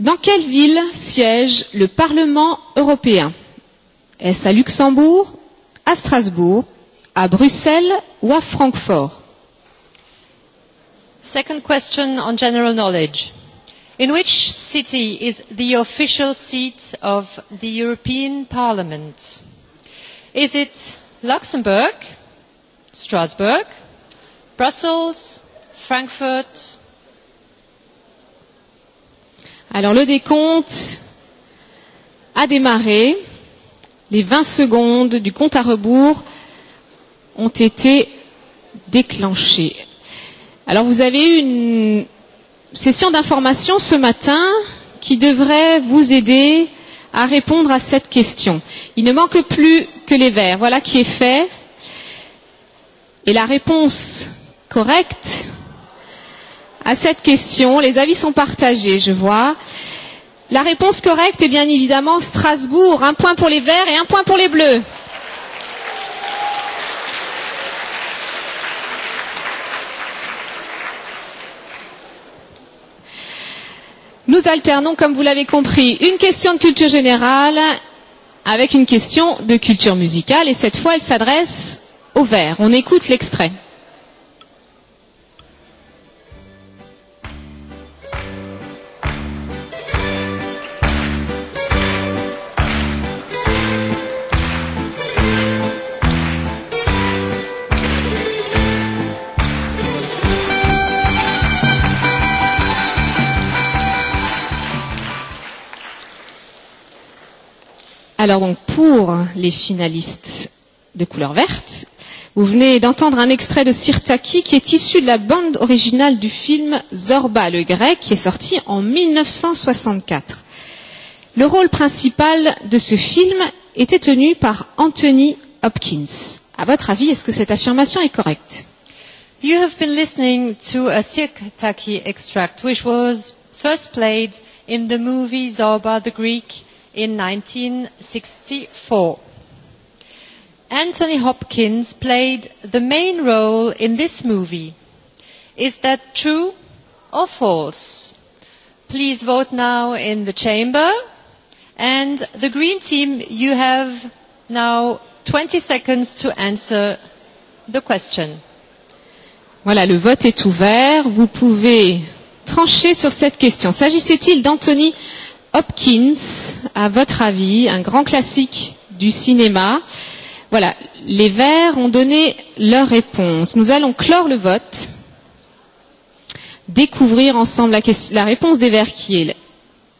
Dans quelle ville siège le Parlement européen Est-ce à Luxembourg, à Strasbourg, à Bruxelles ou à Francfort Second question on general knowledge. In which city is the official seat of the European Parliament? Is it Luxembourg, Strasbourg, Brussels, Frankfurt? Alors le décompte a démarré. Les 20 secondes du compte à rebours ont été déclenchées. Alors vous avez une session d'information ce matin qui devrait vous aider à répondre à cette question. Il ne manque plus que les verts. Voilà qui est fait. Et la réponse correcte à cette question, les avis sont partagés, je vois. La réponse correcte est bien évidemment Strasbourg. Un point pour les verts et un point pour les bleus. Nous alternons, comme vous l'avez compris, une question de culture générale avec une question de culture musicale et cette fois elle s'adresse au vert. On écoute l'extrait. Alors donc pour les finalistes de couleur verte, vous venez d'entendre un extrait de Sirtaki qui est issu de la bande originale du film Zorba le grec qui est sorti en 1964. Le rôle principal de ce film était tenu par Anthony Hopkins. À votre avis, est-ce que cette affirmation est correcte You have been listening to a Sirtaki extract which was first played in the movie Zorba the Greek in 1964. Anthony Hopkins played the main role in this movie. Is that true or false? Please vote now in the chamber. And the green team, you have now 20 seconds to answer the question. Voilà, le vote est ouvert. Vous pouvez trancher sur cette question. S'agissait-il d'Anthony Hopkins, à votre avis, un grand classique du cinéma. Voilà, les Verts ont donné leur réponse. Nous allons clore le vote, découvrir ensemble la, la réponse des Verts qui est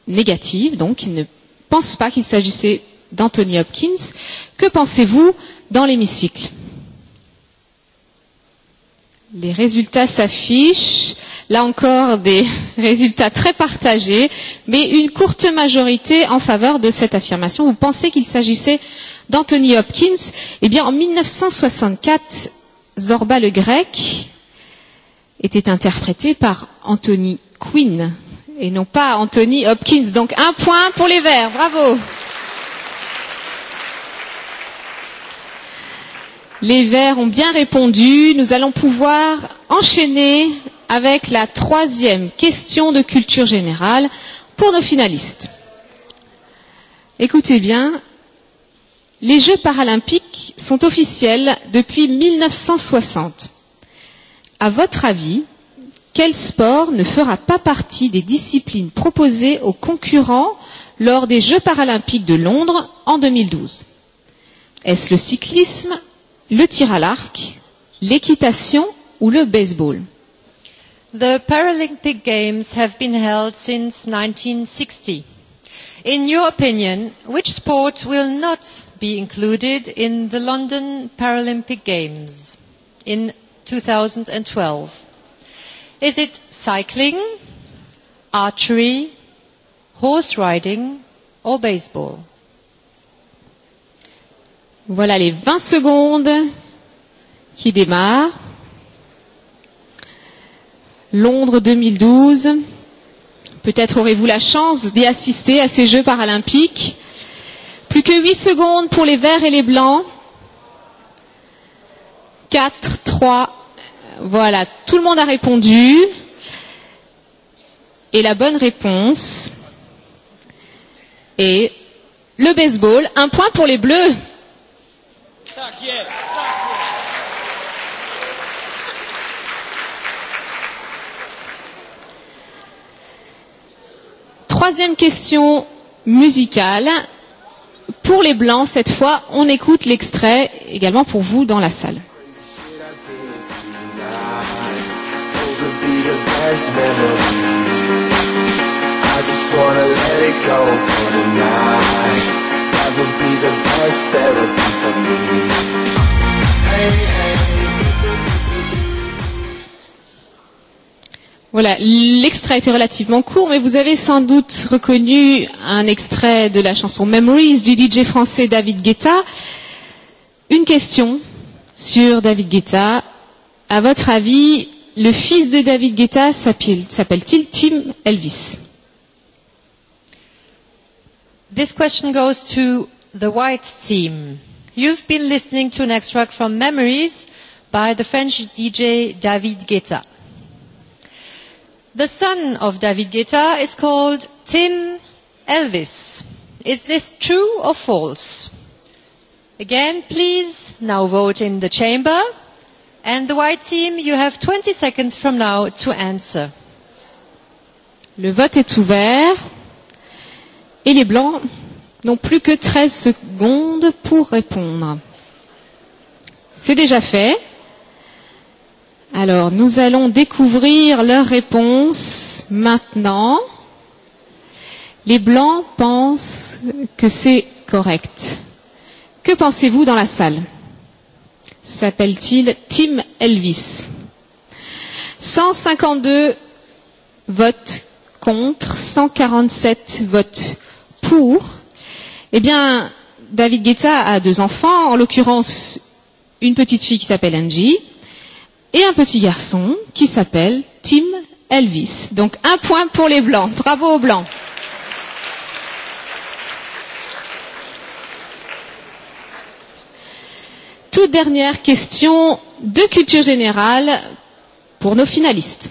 négative, donc ils ne pensent pas qu'il s'agissait d'Anthony Hopkins. Que pensez-vous dans l'hémicycle Les résultats s'affichent. Là encore, des résultats très partagés, mais une courte majorité en faveur de cette affirmation. Vous pensez qu'il s'agissait d'Anthony Hopkins Eh bien, en 1964, Zorba le Grec était interprété par Anthony Quinn et non pas Anthony Hopkins. Donc un point pour les Verts. Bravo. Les verts ont bien répondu. Nous allons pouvoir enchaîner avec la troisième question de culture générale pour nos finalistes. Écoutez bien, les Jeux paralympiques sont officiels depuis 1960. À votre avis, quel sport ne fera pas partie des disciplines proposées aux concurrents lors des Jeux paralympiques de Londres en 2012 Est-ce le cyclisme, le tir à l'arc, l'équitation ou le baseball. The Paralympic Games have been held since 1960. In your opinion, which sport will not be included in the London Paralympic Games in 2012? Is it cycling, archery, horse riding or baseball? Voilà les 20 secondes qui démarrent. Londres 2012. Peut-être aurez-vous la chance d'y assister à ces Jeux paralympiques. Plus que 8 secondes pour les verts et les blancs. 4, 3, voilà, tout le monde a répondu. Et la bonne réponse est le baseball. Un point pour les bleus. Tak jest, tak jest. Troisième question musicale. Pour les blancs, cette fois, on écoute l'extrait également pour vous dans la salle. Memories. I just wanna let it go for the night would be the best therapy for me. Hey, hey. Voilà, l'extrait était relativement court, mais vous avez sans doute reconnu un extrait de la chanson Memories du DJ français David Guetta. Une question sur David Guetta. À votre avis, le fils de David Guetta s'appelle-t-il Tim Elvis This question goes to the white team. You've been listening to an extract from Memories by the French DJ David Guetta. The son of David Guetta is called Tim Elvis. Is this true or false? Again, please now vote in the chamber. And the white team, you have 20 seconds from now to answer. Le vote est ouvert. Et les blancs n'ont plus que 13 secondes pour répondre. C'est déjà fait. Alors, nous allons découvrir leurs réponses maintenant. Les blancs pensent que c'est correct. Que pensez-vous dans la salle S'appelle-t-il Tim Elvis 152 votes contre, 147 votes pour Eh bien, David Guetta a deux enfants, en l'occurrence une petite fille qui s'appelle Angie et un petit garçon qui s'appelle Tim Elvis. Donc un point pour les Blancs. Bravo aux Blancs. Toute dernière question de culture générale pour nos finalistes.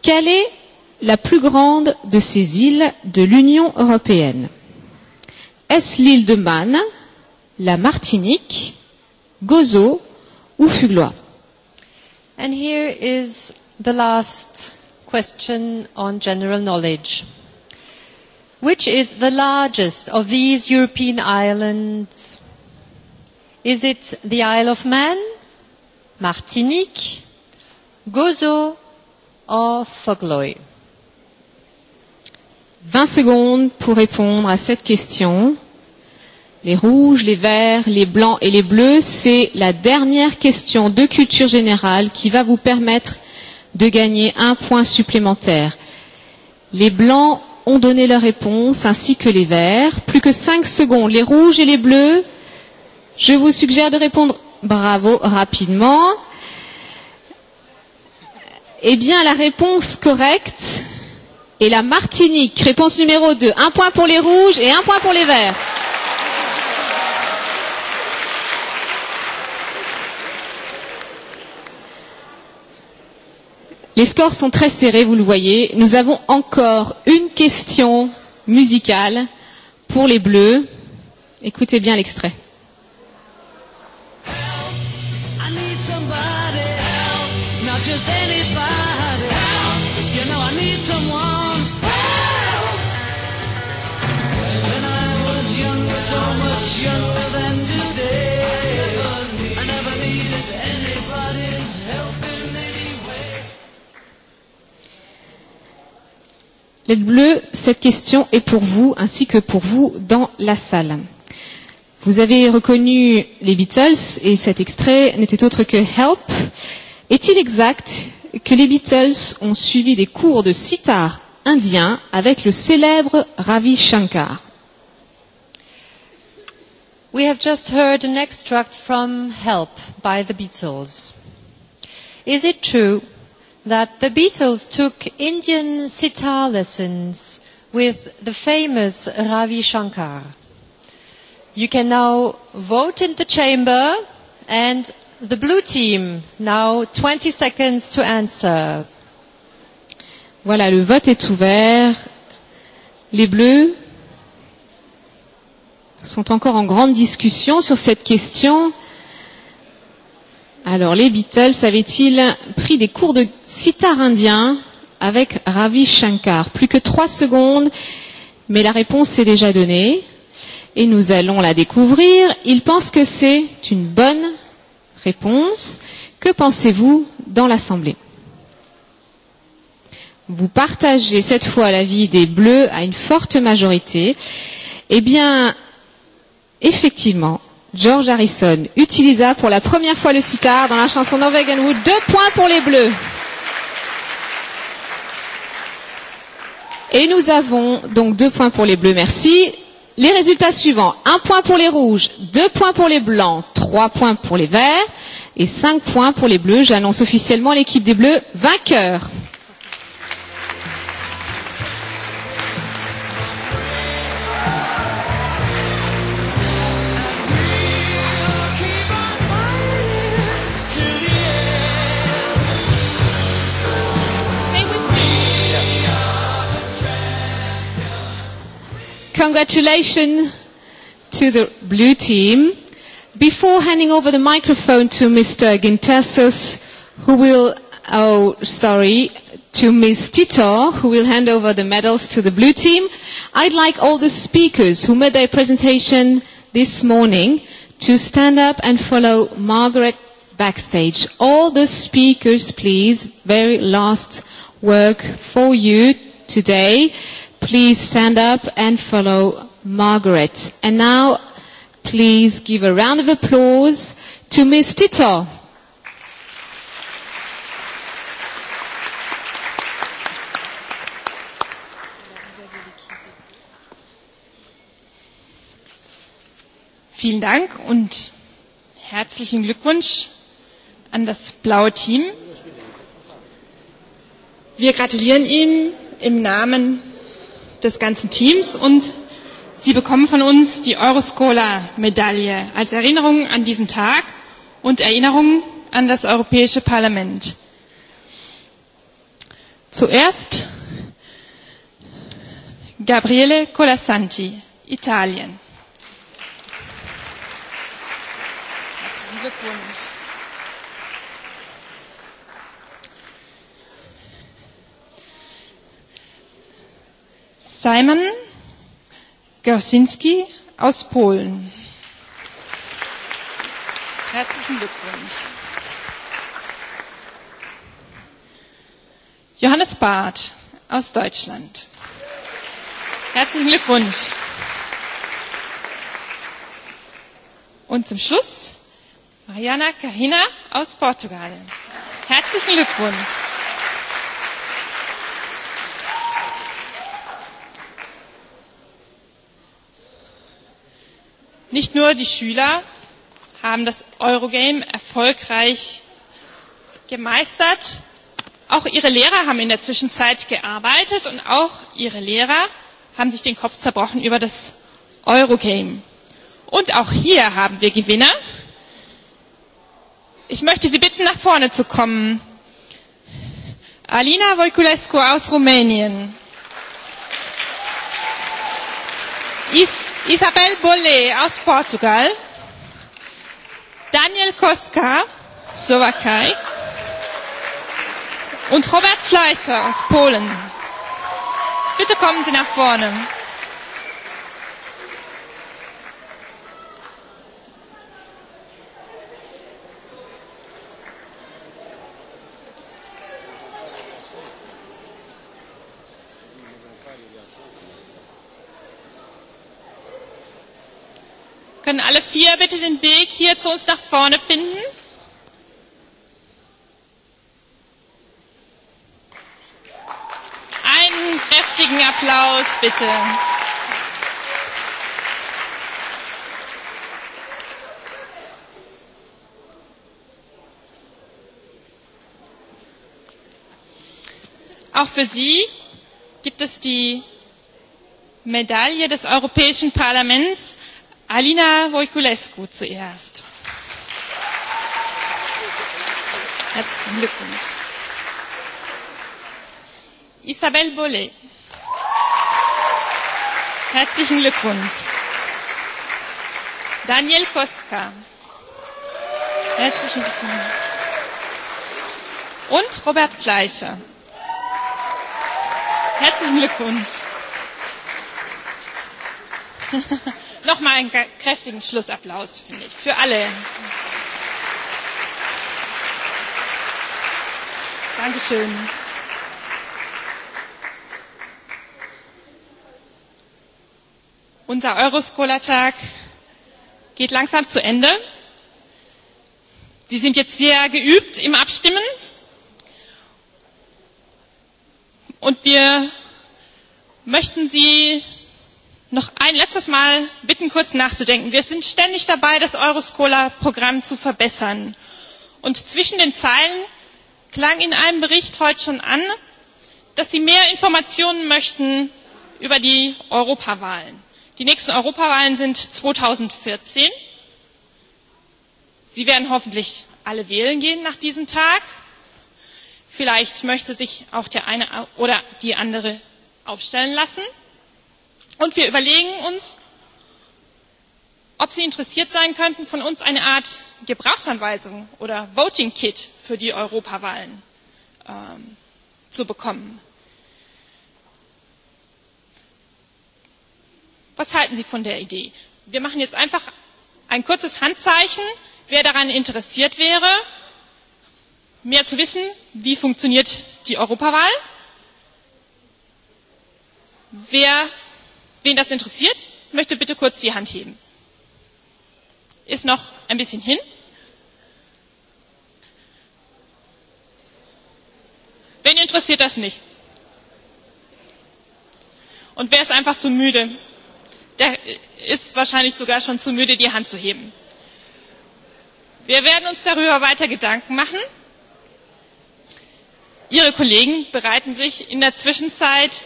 Quel est la plus grande de ces îles de l'Union européenne Est-ce l'île de Man, la Martinique, Gozo ou Fuglois And here is the last question on general knowledge. Which is the largest of these European islands? Is it the Isle of Man, Martinique, Gozo or Fogloy? 20 secondes pour répondre à cette question. Les rouges, les verts, les blancs et les bleus, c'est la dernière question de culture générale qui va vous permettre de gagner un point supplémentaire. Les blancs ont donné leur réponse ainsi que les verts. Plus que 5 secondes. Les rouges et les bleus, je vous suggère de répondre bravo rapidement. Eh bien, la réponse correcte, et la Martinique. Réponse numéro 2. Un point pour les rouges et un point pour les verts. Les scores sont très serrés, vous le voyez. Nous avons encore une question musicale pour les bleus. Écoutez bien l'extrait. Help, I need somebody help, not just anybody. so much younger than today. cette question est pour vous ainsi que pour vous dans la salle. Vous avez reconnu les Beatles et cet extrait n'était autre que Help. Est-il exact que les Beatles ont suivi des cours de sitar indien avec le célèbre Ravi Shankar We have just heard an extract from Help by the Beatles. Is it true that the Beatles took Indian sitar lessons with the famous Ravi Shankar? You can now vote in the chamber and the blue team, now 20 seconds to answer. Voilà, le vote est ouvert. Les bleus, sont encore en grande discussion sur cette question. Alors, les Beatles avaient-ils pris des cours de sitar indien avec Ravi Shankar Plus que trois secondes, mais la réponse est déjà donnée et nous allons la découvrir. Ils pensent que c'est une bonne réponse. Que pensez-vous dans l'Assemblée Vous partagez cette fois l'avis des Bleus à une forte majorité. Eh bien, Effectivement, George Harrison utilisa pour la première fois le sitar dans la chanson Norwegian Wood. Deux points pour les Bleus. Et nous avons donc deux points pour les Bleus, merci. Les résultats suivants. Un point pour les Rouges, deux points pour les Blancs, trois points pour les Verts et cinq points pour les Bleus. J'annonce officiellement l'équipe des Bleus vainqueur. Congratulations to the blue team. Before handing over the microphone to Mr. Gintasos, who will, oh, sorry, to Ms. Tito, who will hand over the medals to the blue team, I'd like all the speakers who made their presentation this morning to stand up and follow Margaret backstage. All the speakers, please, very last work for you today please stand up and follow Margaret. And now, please give a round of applause to Miss Tito. Vielen Dank und herzlichen Glückwunsch an das blaue Team. Wir gratulieren Ihnen im Namen des ganzen Teams und Sie bekommen von uns die Euroscola-Medaille als Erinnerung an diesen Tag und Erinnerung an das Europäische Parlament. Zuerst Gabriele Colasanti, Italien. Herzlichen Glückwunsch. Simon Gersinski aus Polen. Herzlichen Glückwunsch. Johannes Barth aus Deutschland. Herzlichen Glückwunsch. Und zum Schluss Mariana Kahina aus Portugal. Herzlichen Glückwunsch. Nicht nur die Schüler haben das Eurogame erfolgreich gemeistert, auch ihre Lehrer haben in der Zwischenzeit gearbeitet und auch ihre Lehrer haben sich den Kopf zerbrochen über das Eurogame. Und auch hier haben wir Gewinner. Ich möchte Sie bitten, nach vorne zu kommen. Alina Voiculescu aus Rumänien. Ist Isabel Bolle aus Portugal, Daniel Koska, Slowakei und Robert Fleischer aus Polen. Bitte kommen Sie nach vorne. Können alle vier bitte den Weg hier zu uns nach vorne finden? Einen kräftigen Applaus bitte. Auch für Sie gibt es die Medaille des Europäischen Parlaments Alina Wojkulescu zuerst. Herzlichen Glückwunsch. Isabelle Bollet. Herzlichen Glückwunsch. Daniel Koska. Herzlichen Glückwunsch. Und Robert Fleischer. Herzlichen Glückwunsch. Nochmal einen kräftigen Schlussapplaus, finde ich, für alle. Dankeschön. Unser euroskola tag geht langsam zu Ende. Sie sind jetzt sehr geübt im Abstimmen. Und wir möchten Sie noch ein letztes Mal bitten, kurz nachzudenken. Wir sind ständig dabei, das Euroscola-Programm zu verbessern. Und zwischen den Zeilen klang in einem Bericht heute schon an, dass Sie mehr Informationen möchten über die Europawahlen. Die nächsten Europawahlen sind 2014. Sie werden hoffentlich alle wählen gehen nach diesem Tag. Vielleicht möchte sich auch der eine oder die andere aufstellen lassen. Und wir überlegen uns, ob Sie interessiert sein könnten, von uns eine Art Gebrauchsanweisung oder Voting Kit für die Europawahlen ähm, zu bekommen. Was halten Sie von der Idee? Wir machen jetzt einfach ein kurzes Handzeichen, wer daran interessiert wäre, mehr zu wissen, wie funktioniert die Europawahl. Wer Wen das interessiert, möchte bitte kurz die Hand heben. Ist noch ein bisschen hin. Wen interessiert das nicht? Und wer ist einfach zu müde? Der ist wahrscheinlich sogar schon zu müde, die Hand zu heben. Wir werden uns darüber weiter Gedanken machen. Ihre Kollegen bereiten sich in der Zwischenzeit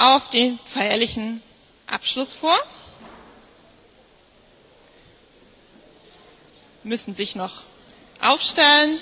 auf den feierlichen Abschluss vor. Müssen sich noch aufstellen.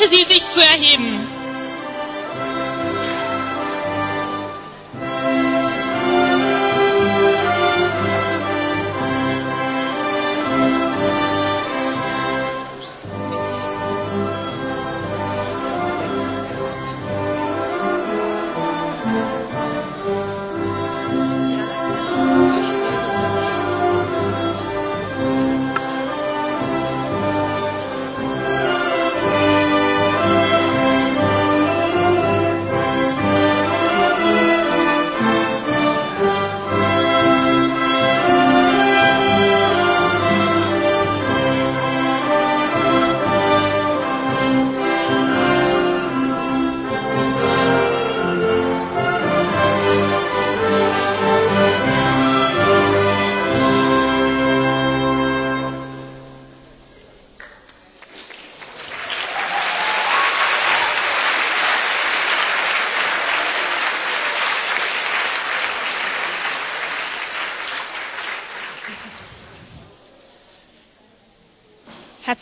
bitte Sie, sich zu erheben.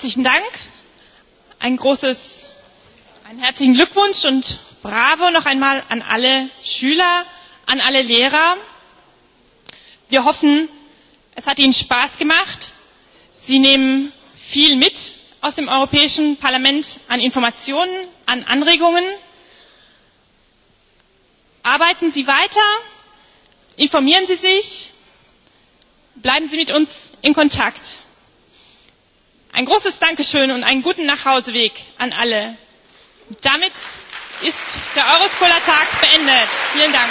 herzlichen Dank. Ein großes, einen herzlichen Glückwunsch und Bravo noch einmal an alle Schüler, an alle Lehrer. Wir hoffen, es hat Ihnen Spaß gemacht. Sie nehmen viel mit aus dem Europäischen Parlament an Informationen, an Anregungen. Arbeiten Sie weiter, informieren Sie sich, bleiben Sie mit uns in Kontakt. Ein großes Dankeschön und einen guten Nachhauseweg an alle. Damit ist der Euroskola-Tag beendet. Vielen Dank.